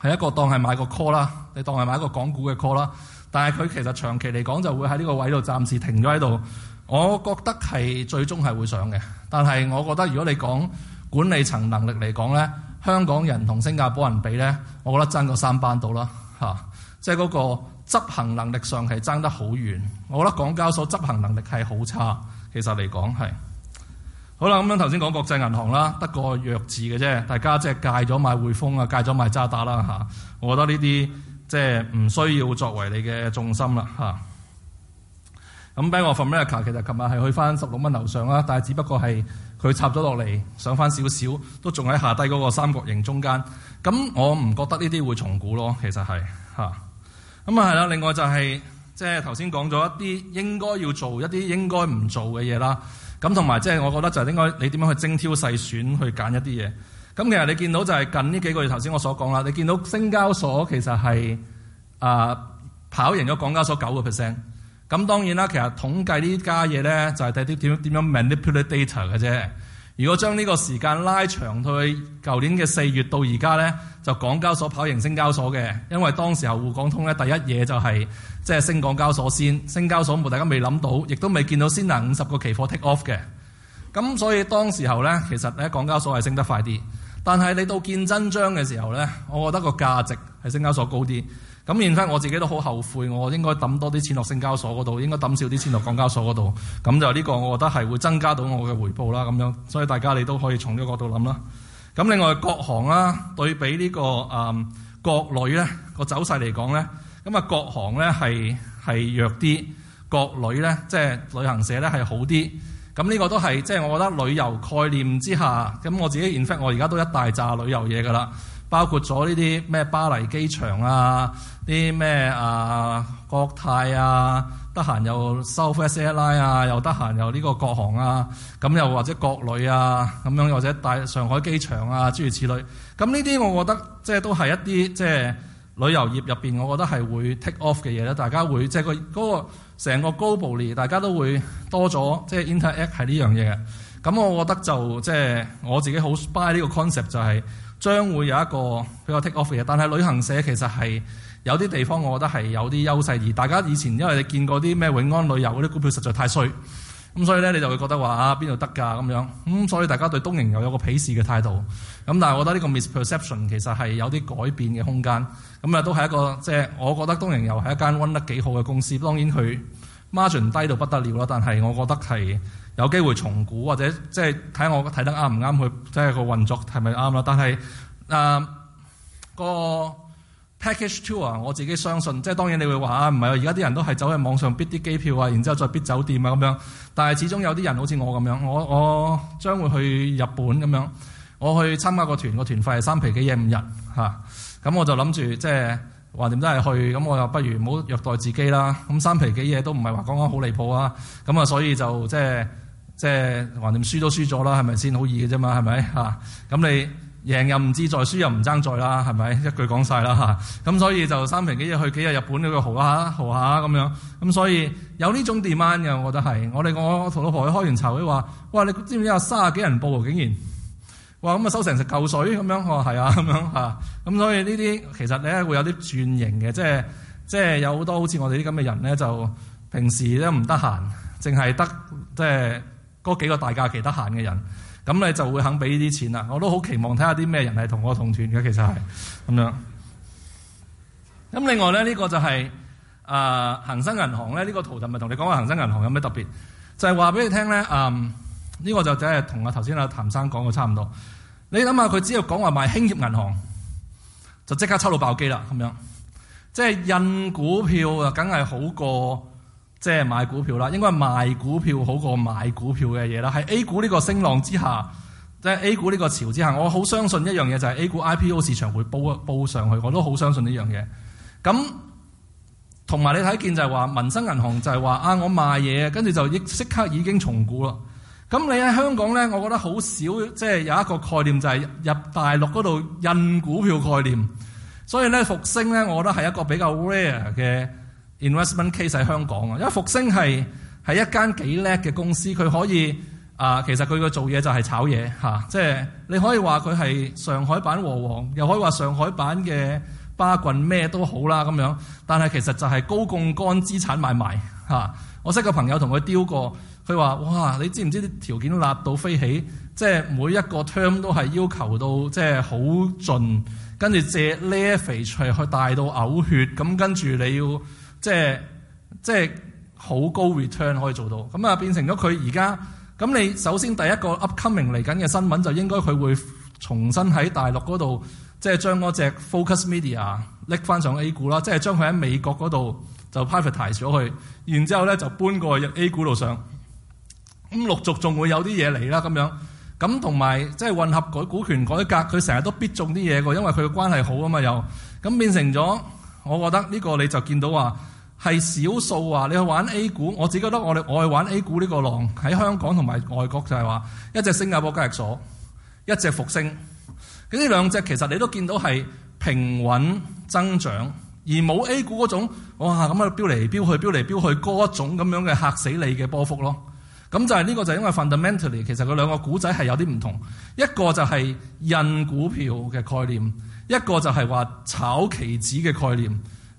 係一個當係買個 call 啦，你當係買一個港股嘅 call 啦。但係佢其實長期嚟講就會喺呢個位度暫時停咗喺度。我覺得係最終係會上嘅，但係我覺得如果你講管理層能力嚟講呢。香港人同新加坡人比呢，我覺得爭過三班到啦嚇，即係嗰個執行能力上係爭得好遠。我覺得港交所執行能力係好差，其實嚟講係。好啦，咁樣頭先講國際銀行啦，得個弱字嘅啫，大家即係戒咗買匯豐啊，戒咗買渣打啦嚇、啊。我覺得呢啲即係唔需要作為你嘅重心啦嚇。咁 Bank of America 其實琴日係去翻十六蚊樓上啦，但係只不過係。佢插咗落嚟，上返少少，都仲喺下低嗰個三角形中間。咁我唔覺得呢啲會重估咯，其實係嚇。咁啊係啦，另外就係即係頭先講咗一啲應該要做一啲應該唔做嘅嘢啦。咁同埋即係我覺得就係應該你點樣去精挑細選去揀一啲嘢。咁其實你見到就係近呢幾個月頭先我所講啦，你見到深交所其實係啊跑贏咗港交所九個 percent。咁當然啦，其實統計呢家嘢呢，就係睇啲點點樣 manipulate data 嘅啫。如果將呢個時間拉長，去舊年嘅四月到而家呢，就港交所跑贏星交所嘅，因為當時候滬港通呢第一嘢就係即係升港交所先，星交所冇，大家未諗到，亦都未見到先拿五十個期貨 take off 嘅。咁所以當時候呢，其實呢港交所係升得快啲，但係你到見真章嘅時候呢，我覺得個價值係星交所高啲。咁 in fact，我自己都好後悔，我應該抌多啲錢落深交所嗰度，應該抌少啲錢落港交所嗰度。咁就呢個，我覺得係會增加到我嘅回報啦。咁樣，所以大家你都可以從呢個角度諗啦。咁另外國航啦，對比呢、這個誒國、嗯、旅呢個走勢嚟講呢，咁啊國航呢係係弱啲，國旅呢即係、就是、旅行社呢係好啲。咁呢個都係即係我覺得旅遊概念之下，咁我自己 in fact 我而家都一大揸旅遊嘢噶啦，包括咗呢啲咩巴黎機場啊。啲咩啊？國泰啊，得閒又收飛 S L I 啊，又得閒又呢個國航啊，咁、啊、又或者國旅啊，咁、啊、樣，或者大上海機場啊，諸如此類。咁呢啲，我覺得即係、就是、都係一啲即係旅遊業入邊，我覺得係會 take off 嘅嘢咧。大家會即係個嗰個成個 global 大家都會多咗即係、就是、interact 係呢樣嘢。咁、啊、我覺得就即係、就是、我自己好 buy 呢個 concept，就係、是、將會有一個比較 take off 嘅嘢。但係旅行社其實係。有啲地方我覺得係有啲優勢，而大家以前因為你見過啲咩永安旅遊嗰啲股票實在太衰，咁所以咧你就會覺得話啊邊度得㗎咁樣，咁、嗯、所以大家對東瀛遊有個鄙視嘅態度。咁但係我覺得呢個 misperception 其實係有啲改變嘅空間。咁啊都係一個即係我覺得東瀛遊係一間運得幾好嘅公司。當然佢 margin 低到不得了啦，但係我覺得係有機會重估或者即係睇下我睇得啱唔啱去，即係個運作係咪啱啦？但係啊、呃那個。Package tour 啊，我自己相信，即係當然你會話啊，唔係啊，而家啲人都係走去網上 bid 啲機票啊，然之後再 bid 酒店啊咁樣。但係始終有啲人好似我咁樣，我我將會去日本咁樣，我去參加個團，個團費係三皮幾嘢五日嚇。咁、啊、我就諗住即係橫掂都係去，咁我又不如唔好虐待自己啦。咁、啊、三皮幾嘢都唔係話講講好離譜啊。咁啊，所以就即係即係橫掂輸都輸咗啦，係咪先好易嘅啫嘛，係咪嚇？咁、啊、你？贏又唔志在，輸又唔爭在啦，係咪？一句講晒啦嚇，咁所以就三平幾日去幾日日本呢個豪下豪下咁樣。咁所以有呢種 demand 嘅，我覺得係。我哋我同老婆去開完籌，佢話：哇！你知唔知有三十幾人報竟然，哇！咁啊收成成嚿水咁樣，我話係啊咁樣嚇。咁所以呢啲其實咧會有啲轉型嘅，即係即係有好多好似我哋啲咁嘅人咧，就平時咧唔得閒，淨係得即係嗰幾個大假期得閒嘅人。咁你就會肯俾呢啲錢啦，我都好期望睇下啲咩人係同我同團嘅，其實係咁樣。咁另外咧，呢個就係誒恒生銀行咧，呢個圖就咪同你講話恒生銀行有咩特別，就係話俾你聽咧。嗯，呢個就真係同啊頭先阿譚生講嘅差唔多。你諗下佢只要講話賣興業銀行，就即刻抽到爆機啦，咁樣。即係印股票啊，梗係好過。即係買股票啦，應該係賣股票好過買股票嘅嘢啦。喺 A 股呢個升浪之下，即係 A 股呢個潮之下，我好相信一樣嘢就係 A 股 IPO 市場會煲一煲上去，我都好相信呢樣嘢。咁同埋你睇見就係話民生銀行就係話啊，我賣嘢跟住就即刻已經重估啦。咁你喺香港呢，我覺得好少即係有一個概念就係入大陸嗰度印股票概念，所以呢，復星呢，我覺得係一個比較 rare 嘅。investment case 喺香港啊，因為復星係係一間幾叻嘅公司，佢可以啊、呃。其實佢個做嘢就係炒嘢嚇、啊，即係你可以話佢係上海版和黃，又可以話上海版嘅巴郡咩都好啦咁樣。但係其實就係高槓桿資產買賣嚇、啊。我識個朋友同佢丟過，佢話：哇，你知唔知啲條件辣到飛起？即係每一個 term 都係要求到即係好盡，跟住借呢一肥翠去大到嘔血咁，跟住你要。即係即係好高 return 可以做到，咁啊變成咗佢而家咁，你首先第一個 upcoming 嚟緊嘅新聞就應該佢會重新喺大陸嗰度即係將嗰隻 focus media 拎翻上 A 股啦，即係將佢喺美國嗰度就 privatise 咗去，然之後咧就搬過去入 A 股度上，咁陸續仲會有啲嘢嚟啦咁樣，咁同埋即係混合改股權改革，佢成日都必中啲嘢㗎，因為佢嘅關係好啊嘛又，咁變成咗。我覺得呢個你就見到話係少數啊。你去玩 A 股，我自己覺得我哋愛玩 A 股呢個浪喺香港同埋外國就係、是、話一隻新加坡交易所，一隻復星，咁呢兩隻其實你都見到係平穩增長，而冇 A 股嗰種哇咁樣飆嚟飆去、飆嚟飆去嗰一種咁樣嘅嚇死你嘅波幅咯。咁就係呢個就係因為 fundamentally 其實佢兩個股仔係有啲唔同，一個就係印股票嘅概念，一個就係話炒期指嘅概念。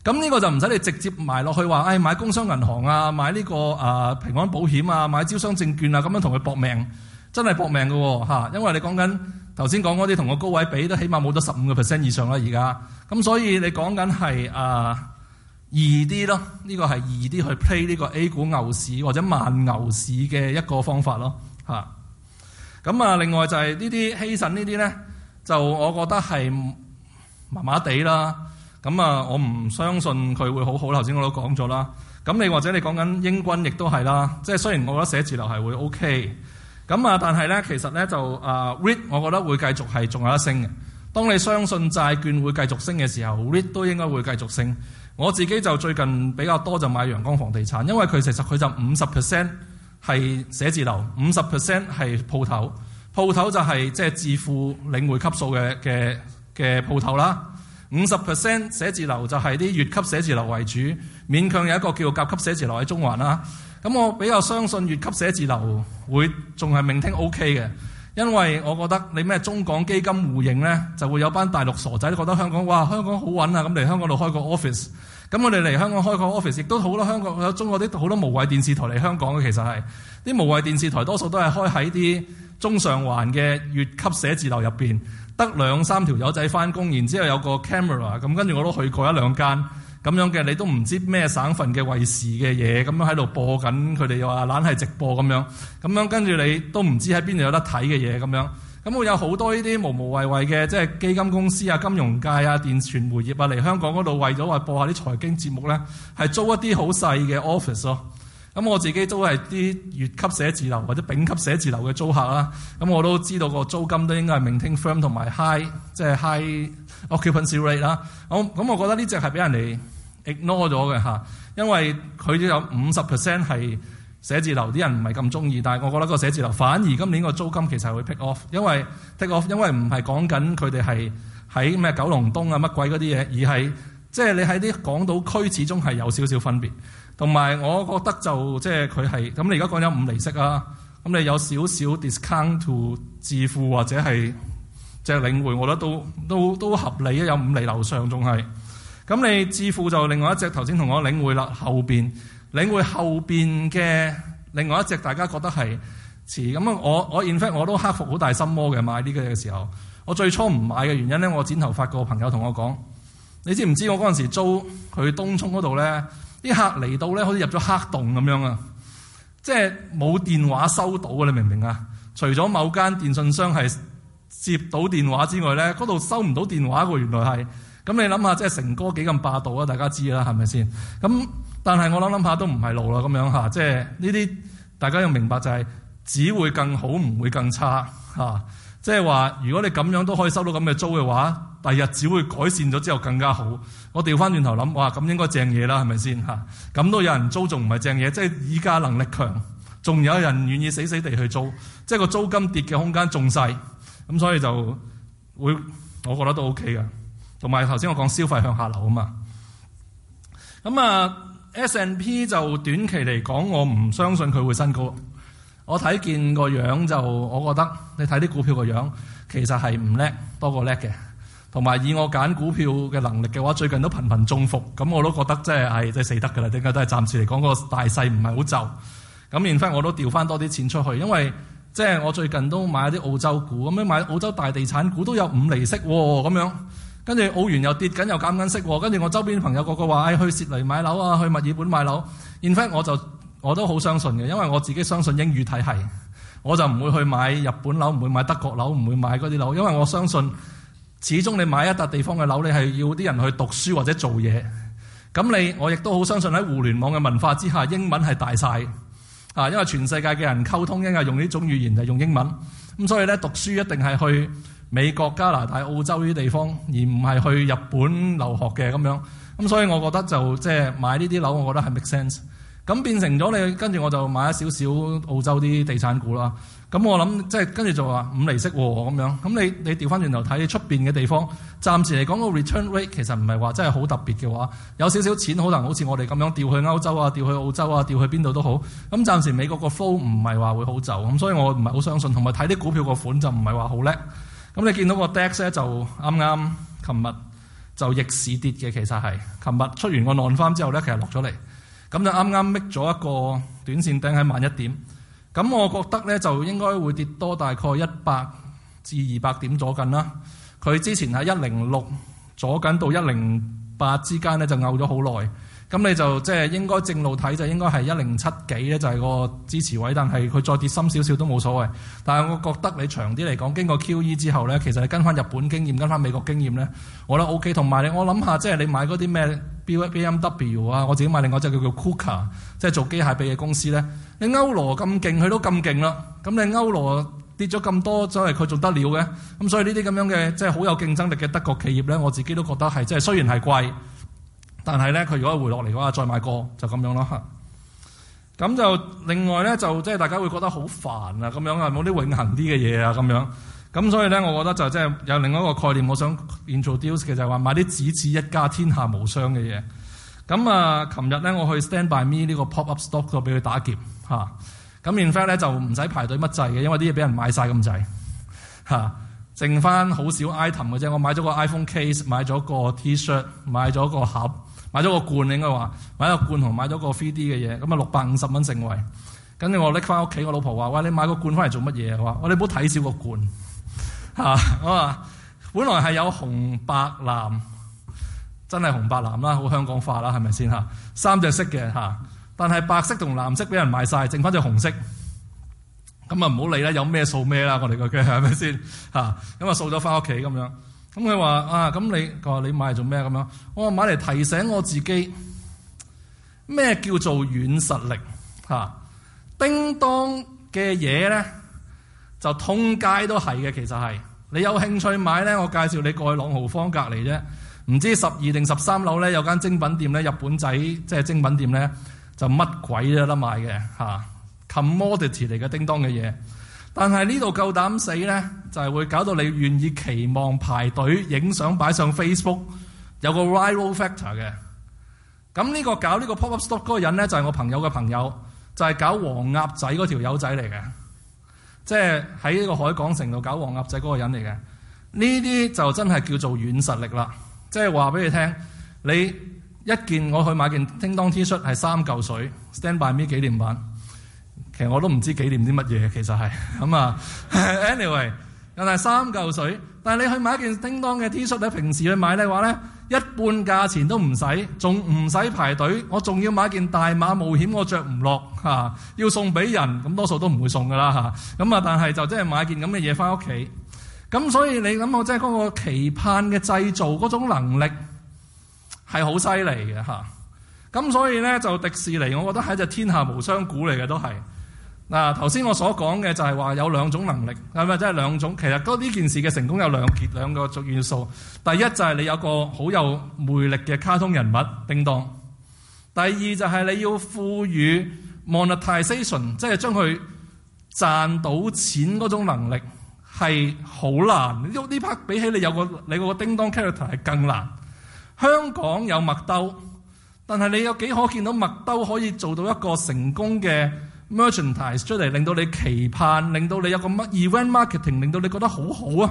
咁、這、呢個就唔使你直接埋落去話，唉、哎、買工商銀行啊，買呢、這個啊、呃、平安保險啊，買招商證券啊，咁樣同佢搏命，真係搏命嘅喎、哦、因為你講緊頭先講嗰啲同個高位比都起碼冇咗十五個 percent 以上啦，而家，咁、嗯、所以你講緊係啊。呃易啲咯，呢、這個係易啲去 play 呢個 A 股牛市或者慢牛市嘅一個方法咯嚇。咁啊，啊，另外就係呢啲希慎呢啲呢，就我覺得係麻麻地啦。咁啊，我唔相信佢會好好。頭先我都講咗啦。咁、啊、你或者你講緊英軍，亦都係啦。即係雖然我覺得寫字樓係會 O K，咁啊，但係呢，其實呢，就啊 REIT 我覺得會繼續係仲有一升嘅。當你相信債券會繼續升嘅時候，REIT 都應該會繼續升。我自己就最近比較多就買陽光房地產，因為佢其實佢就五十 percent 係寫字樓，五十 percent 係鋪頭，鋪頭就係即係自負領匯級數嘅嘅嘅鋪頭啦。五十 percent 寫字樓就係啲乙級寫字樓為主，勉強有一個叫甲級寫字樓喺中環啦。咁我比較相信乙級寫字樓會仲係 maintain OK 嘅。因為我覺得你咩中港基金互認呢，就會有班大陸傻仔覺得香港，哇，香港好穩啊，咁嚟香港度開個 office。咁我哋嚟香港開個 office 亦都好多香港、有中國啲好多無謂電視台嚟香港嘅。其實係啲無謂電視台，多數都係開喺啲中上環嘅乙級寫字樓入邊，得兩三條友仔返工，然之後有個 camera。咁跟住我都去過一兩間。咁樣嘅你都唔知咩省份嘅衛視嘅嘢咁樣喺度播緊，佢哋又話懶係直播咁樣，咁樣跟住你都唔知喺邊度有得睇嘅嘢咁樣。咁會有好多呢啲無無謂謂嘅，即係基金公司啊、金融界啊、電傳媒業啊嚟香港嗰度為咗話播下啲財經節目咧，係租一啲好細嘅 office 咯、哦。咁、嗯、我自己都係啲乙級寫字樓或者丙級寫字樓嘅租客啦。咁、啊嗯、我都知道個租金都應該係 maintain firm 同埋 high，即係 high。Occupancy rate 啦，我咁，我覺得呢只係俾人哋 ignore 咗嘅嚇，因為佢都有五十 percent 係寫字樓啲人唔係咁中意，但係我覺得個寫字樓反而今年個租金其實會 pick off，因為 pick off，因為唔係講緊佢哋係喺咩九龍東啊乜鬼嗰啲嘢，而係即係你喺啲港島區始終係有少少分別。同埋我覺得就即係佢係咁，就是、是你而家講緊五厘息啦，咁你有少少 discount to 自負或者係。嘅領匯我覺得都都都合理啊，有五厘樓上仲係。咁你置富就另外一隻頭先同我領匯啦，後邊領匯後邊嘅另外一隻大家覺得係遲咁啊！我我 in fact 我都克服好大心魔嘅，買呢個嘅時候，我最初唔買嘅原因咧，我剪頭髮個朋友同我講，你知唔知我嗰陣時租佢東涌嗰度咧，啲客嚟到咧好似入咗黑洞咁樣啊！即係冇電話收到啊！你明唔明啊？除咗某間電訊商係。接到電話之外呢，嗰度收唔到電話喎。原來係咁，你諗下，即係成哥幾咁霸道啊？大家知啦，係咪先咁？但係我諗諗下都唔係路啦，咁樣嚇，即係呢啲大家要明白就係、是、只會更好，唔會更差嚇。即係話，如果你咁樣都可以收到咁嘅租嘅話，第日只會改善咗之後更加好。我調翻轉頭諗，哇咁應該正嘢啦，係咪先嚇？咁、啊、都有人租，仲唔係正嘢？即係議價能力強，仲有人願意死死地去租，即係個租金跌嘅空間仲細。咁所以就會，我覺得都 OK 嘅。同埋頭先我講消費向下流啊嘛。咁啊，S n P 就短期嚟講，我唔相信佢會新高。我睇見個樣就，我覺得你睇啲股票個樣，其實係唔叻多過叻嘅。同埋以我揀股票嘅能力嘅話，最近都頻頻中伏。咁我都覺得即係係即係死得㗎啦。點解都係暫時嚟講、那個大勢唔係好就。咁然之我都調翻多啲錢出去，因為。即係我最近都買啲澳洲股，咁樣買澳洲大地產股都有五厘息喎，咁樣跟住澳元又跌緊，又減緊息喎，跟住我周邊朋友個個話：誒，去悉尼買樓啊，去墨爾本買樓。In fact，我就我都好相信嘅，因為我自己相信英語體系，我就唔會去買日本樓，唔會買德國樓，唔會買嗰啲樓，因為我相信始終你買一笪地方嘅樓，你係要啲人去讀書或者做嘢。咁你我亦都好相信喺互聯網嘅文化之下，英文係大晒。啊，因為全世界嘅人溝通應該用呢種語言就係、用英文，咁所以咧讀書一定係去美國、加拿大、澳洲呢啲地方，而唔係去日本留學嘅咁樣。咁所，所以我覺得就即係、就係、買呢啲樓，我覺得係 make sense。咁變成咗，你跟住我就買一少少澳洲啲地產股啦。咁、嗯、我諗即係跟住就話五厘息喎、啊、咁樣。咁、嗯、你你調翻轉頭睇出邊嘅地方，暫時嚟講個 return rate 其實唔係話真係好特別嘅話，有少少錢可能好似我哋咁樣調去歐洲啊、調去澳洲啊、調去邊度都好。咁、嗯、暫時美國個 flow 唔係話會好走，咁、嗯、所以我唔係好相信，同埋睇啲股票個款就唔係話好叻。咁、嗯、你見到個 DAX 咧就啱啱琴日就逆市跌嘅，其實係琴日出完個 non-farm 之後咧，其實落咗嚟。咁就啱啱搣咗一個短線頂喺萬一點，咁我覺得呢，就應該會跌多大概一百至二百點左近啦。佢之前喺一零六左近到一零八之間呢，就拗咗好耐。咁你就即係應該正路睇就應該係一零七幾咧就係個支持位，但係佢再跌深少少都冇所謂。但係我覺得你長啲嚟講，經過 QE 之後咧，其實你跟翻日本經驗、跟翻美國經驗咧，我覺得 OK。同埋你我諗下，即係你買嗰啲咩 BMW 啊，我自己買另外即係叫做 KUKA 即係做機械臂嘅公司咧。你歐羅咁勁，佢都咁勁啦。咁你歐羅跌咗咁多，都係佢做得了嘅。咁所以呢啲咁樣嘅即係好有競爭力嘅德國企業咧，我自己都覺得係即係雖然係貴。但係咧，佢如果回落嚟嘅話，再買過就咁樣咯。咁、嗯、就另外咧，就即係大家會覺得好煩啊，咁樣啊，冇啲永恆啲嘅嘢啊，咁樣。咁、嗯、所以咧，我覺得就即係、就是、有另外一個概念，我想 introduce 嘅就係、是、話買啲只此一家天下無雙嘅嘢。咁、嗯、啊，琴日咧我去 Stand By Me 呢個 pop up store 度俾佢打劫嚇。咁、啊嗯、in fact 咧就唔使排隊乜滯嘅，因為啲嘢俾人買晒咁滯嚇，剩翻好少 item 嘅啫。我買咗個 iPhone case，買咗個 T-shirt，買咗個盒。買咗個罐，應該話買一個罐，同買咗個 three D 嘅嘢，咁啊六百五十蚊，成為跟住我拎翻屋企，我老婆話：喂，你買個罐翻嚟做乜嘢？我話：我你唔好睇少個罐嚇。我、啊、話：本來係有紅白藍，真係紅白藍啦，好香港化啦，係咪先嚇？三隻色嘅嚇、啊，但係白色同藍色俾人賣晒，剩翻隻紅色。咁啊唔好理啦，有咩掃咩啦，我哋嘅，係咪先嚇？咁啊掃咗翻屋企咁樣。咁佢話啊，咁你佢話你買嚟做咩咁樣？我話買嚟提醒我自己咩叫做軟實力嚇、啊？叮當嘅嘢咧就通街都係嘅，其實係你有興趣買咧，我介紹你過去朗豪坊隔離啫。唔知十二定十三樓咧有間精品店咧，日本仔即係精品店咧，就乜鬼都有得買嘅嚇。Commodity 嚟嘅叮當嘅嘢。但係呢度夠膽死呢，就係、是、會搞到你願意期望排隊影相擺上 Facebook，有個 rival、right、factor 嘅。咁呢個搞呢個 pop up stock 嗰個人呢，就係、是、我朋友嘅朋友，就係、是、搞黃鴨仔嗰條友仔嚟嘅。即係喺呢個海港城度搞黃鴨仔嗰個人嚟嘅。呢啲就真係叫做軟實力啦。即係話俾你聽，你一件我去買件叮當 T 恤係三嚿水，stand by me 紀念版。其實我都唔知紀念啲乜嘢，其實係咁啊。Anyway，又係三嚿水，但係你去買件叮當嘅 T 恤，喺平時去買咧話咧，一半價錢都唔使，仲唔使排隊，我仲要買件大碼冒險，我着唔落嚇，要送俾人，咁多數都唔會送噶啦嚇。咁啊，但係就即係買件咁嘅嘢翻屋企。咁所以你諗我即係嗰個期盼嘅製造嗰種能力係好犀利嘅嚇。咁所以咧，就迪士尼，我覺得係一隻天下無雙股嚟嘅都係。嗱，頭先我所講嘅就係話有兩種能力，係咪即係兩種？其實嗰呢件事嘅成功，有兩結兩個元素。第一就係你有個好有魅力嘅卡通人物叮當，第二就係你要賦予 monetization，即係將佢賺到錢嗰種能力係好難。呢呢 part 比起你有個你個叮當 character 係更難。香港有麥兜，但係你有幾可見到麥兜可以做到一個成功嘅？merchandise 出嚟，令到你期盼，令到你有個乜 event marketing，令到你覺得好好啊，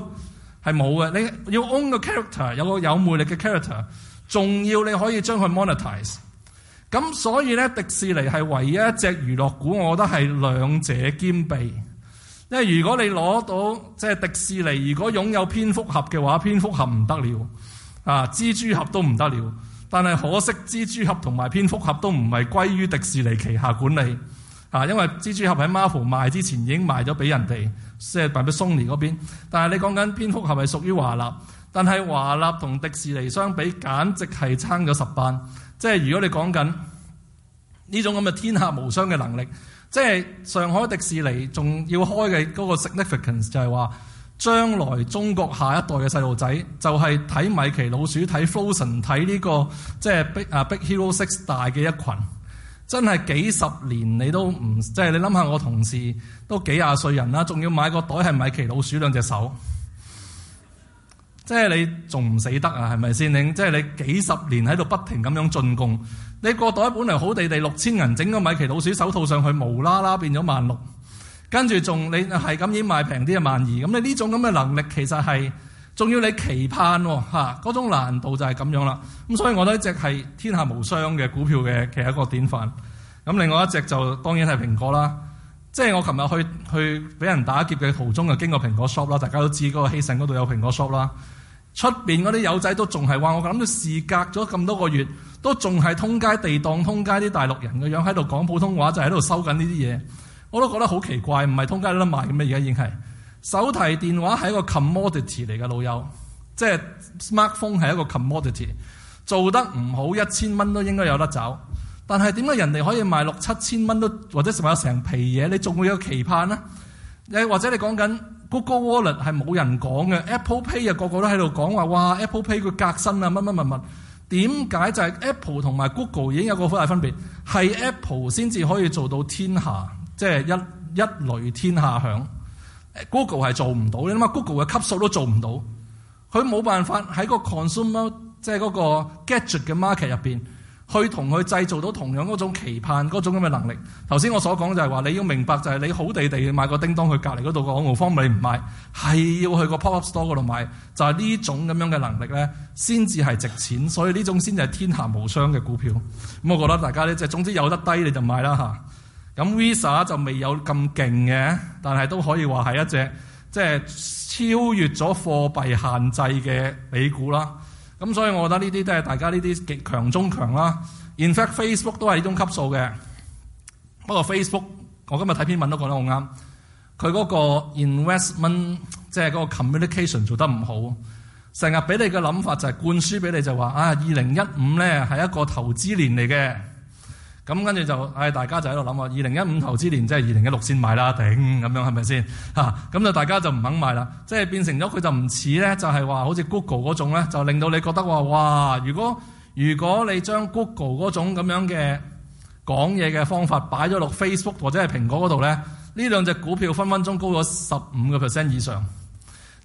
係冇嘅。你要 own 個 character，有個有魅力嘅 character，仲要你可以將佢 monetize。咁所以呢，迪士尼係唯一一隻娛樂股，我覺得係兩者兼備。因為如果你攞到即係、就是、迪士尼，如果擁有蝙蝠俠嘅話，蝙蝠俠唔得了啊，蜘蛛俠都唔得了。但係可惜，蜘蛛俠同埋蝙蝠俠都唔係歸於迪士尼旗下管理。啊，因為蜘蛛俠喺 Marvel 賣之前已經賣咗俾人哋，即係賣俾 Sony 嗰邊。但係你講緊蝙蝠俠係屬於華納，但係華納同迪士尼相比，簡直係差咗十班。即係如果你講緊呢種咁嘅天下無雙嘅能力，即係上海迪士尼仲要開嘅嗰個 significance 就係話，將來中國下一代嘅細路仔就係睇米奇老鼠、睇 Frozen、睇呢個即係 Big 啊、uh, Big Hero Six 大嘅一群。真係幾十年你都唔，即、就、係、是、你諗下我同事都幾廿歲人啦，仲要買個袋係米奇老鼠兩隻手，即係 你仲唔死得啊？係咪先？你即係、就是、你幾十年喺度不停咁樣進攻，你個袋本嚟好地地六千銀，整個米奇老鼠手套上去，無啦啦變咗萬六，跟住仲你係咁已經賣平啲啊萬二，咁你呢種咁嘅能力其實係。仲要你期盼喎、哦，嚇、啊、嗰種難度就係咁樣啦。咁所以我覺得，一隻係天下無雙嘅股票嘅，其一個典範。咁另外一隻就當然係蘋果啦。即係我琴日去去俾人打劫嘅途中，就經過蘋果 shop 啦。大家都知嗰個希慎嗰度有蘋果 shop 啦。出邊嗰啲友仔都仲係話，我諗到事隔咗咁多個月，都仲係通街地當通街啲大陸人嘅樣喺度講普通話，就喺、是、度收緊呢啲嘢。我都覺得好奇怪，唔係通街都有得賣嘅咩？而家已經係。手提電話係一個 commodity 嚟嘅老友，即係 smartphone 係一個 commodity，做得唔好一千蚊都應該有得走。但係點解人哋可以賣六七千蚊都，或者成賣成皮嘢，你仲會有期盼呢？又或者你講緊 Google Wallet 係冇人講嘅，Apple Pay 又個，個個都喺度講話，哇 Apple Pay 佢革新啊乜乜乜乜。點解就係 Apple 同埋 Google 已經有個好大分別，係 Apple 先至可以做到天下，即係一一雷天下響。Google 係做唔到，你諗下 Google 嘅級數都做唔到，佢冇辦法喺個 consumer 即係嗰個 gadget 嘅 market 入邊，去同佢製造到同樣嗰種期盼嗰種咁嘅能力。頭先我所講就係話，你要明白就係你好地地去買個叮噹，去隔離嗰度個無方你唔買，係要去個 pop-up store 嗰度買，就係、是、呢種咁樣嘅能力咧，先至係值錢。所以呢種先至係天下無雙嘅股票。咁我覺得大家咧，即係總之有得低你就買啦嚇。咁 Visa 就未有咁勁嘅，但係都可以話係一隻即係超越咗貨幣限制嘅美股啦。咁所以我覺得呢啲都係大家呢啲極強中強啦。In fact，Facebook 都係呢種級數嘅。不過 Facebook，我今日睇篇文都講得好啱，佢嗰個 investment 即係嗰個 communication 做得唔好，成日俾你嘅諗法就係灌輸俾你就話啊，二零一五咧係一個投資年嚟嘅。咁跟住就，誒大家就喺度諗話，二零一五投資年即係二零一六先買啦，頂咁樣係咪先？嚇，咁、啊、就大家就唔肯買啦，即係變成咗佢就唔似咧，就係話好似 Google 嗰種咧，就令到你覺得話，哇！如果如果你將 Google 嗰種咁樣嘅講嘢嘅方法擺咗落 Facebook 或者係蘋果嗰度咧，呢兩隻股票分分鐘高咗十五個 percent 以上。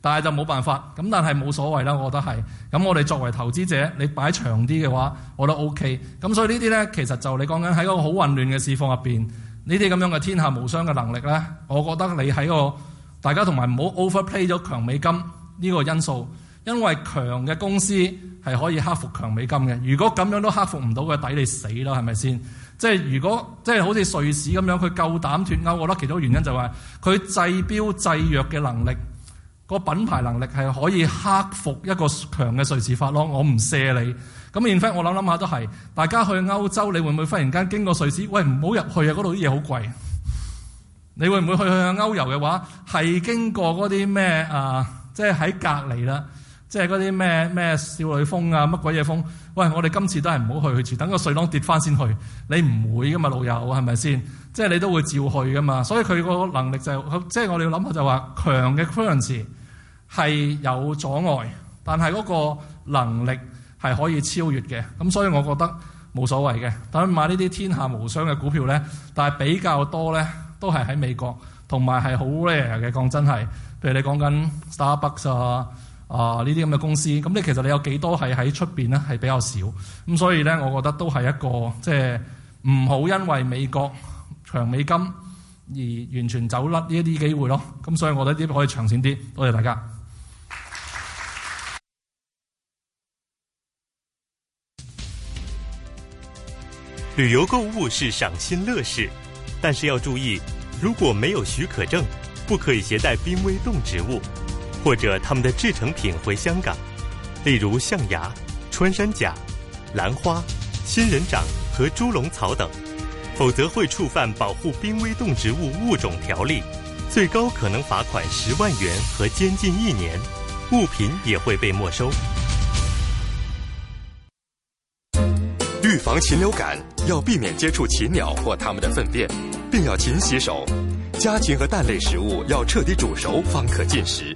但係就冇辦法咁，但係冇所謂啦。我覺得係咁，我哋作為投資者，你擺長啲嘅話，我都 OK。咁所以呢啲呢，其實就你講緊喺一個好混亂嘅市況入邊，呢啲咁樣嘅天下無雙嘅能力呢，我覺得你喺個大家同埋唔好 overplay 咗強美金呢個因素，因為強嘅公司係可以克服強美金嘅。如果咁樣都克服唔到嘅抵你死啦，係咪先？即係如果，即係好似瑞士咁樣，佢夠膽脱歐，我覺得其中原因就係佢製錶製藥嘅能力。個品牌能力係可以克服一個強嘅瑞士法郎，我唔卸你。咁 In fact，我諗諗下都係，大家去歐洲，你會唔會忽然間經過瑞士？喂，唔好入去啊！嗰度啲嘢好貴。你會唔會去去歐遊嘅話，係經過嗰啲咩啊？即係喺隔籬啦。即係嗰啲咩咩少女風啊，乜鬼嘢風？喂，我哋今次都係唔好去住，等個水浪跌翻先去。你唔會㗎嘛，老友係咪先？即係你都會照去㗎嘛。所以佢、就是、個能力就即係我哋要諗下，就話強嘅 frequency 係有阻礙，但係嗰個能力係可以超越嘅。咁所以我覺得冇所謂嘅。等買呢啲天下無雙嘅股票咧，但係比較多咧都係喺美國同埋係好 rare 嘅。講真係，譬如你講緊 Starbucks 啊。啊！呢啲咁嘅公司，咁你其實你有幾多係喺出邊呢係比較少，咁所以咧，我覺得都係一個即係唔好因為美國長美金而完全走甩呢一啲機會咯。咁所以我覺得呢啲可以長線啲。多謝大家。旅遊購物是賞心樂事，但是要注意，如果沒有許可證，不可以攜帶瀕危動植物。或者他們的製成品回香港，例如象牙、穿山甲、蘭花、仙人掌和豬籠草等，否則會觸犯《保護瀕危動植物物種條例》，最高可能罰款十萬元和監禁一年，物品也會被沒收。預防禽流感，要避免接觸禽鳥或它們的糞便，並要勤洗手。家禽和蛋類食物要徹底煮熟方可進食。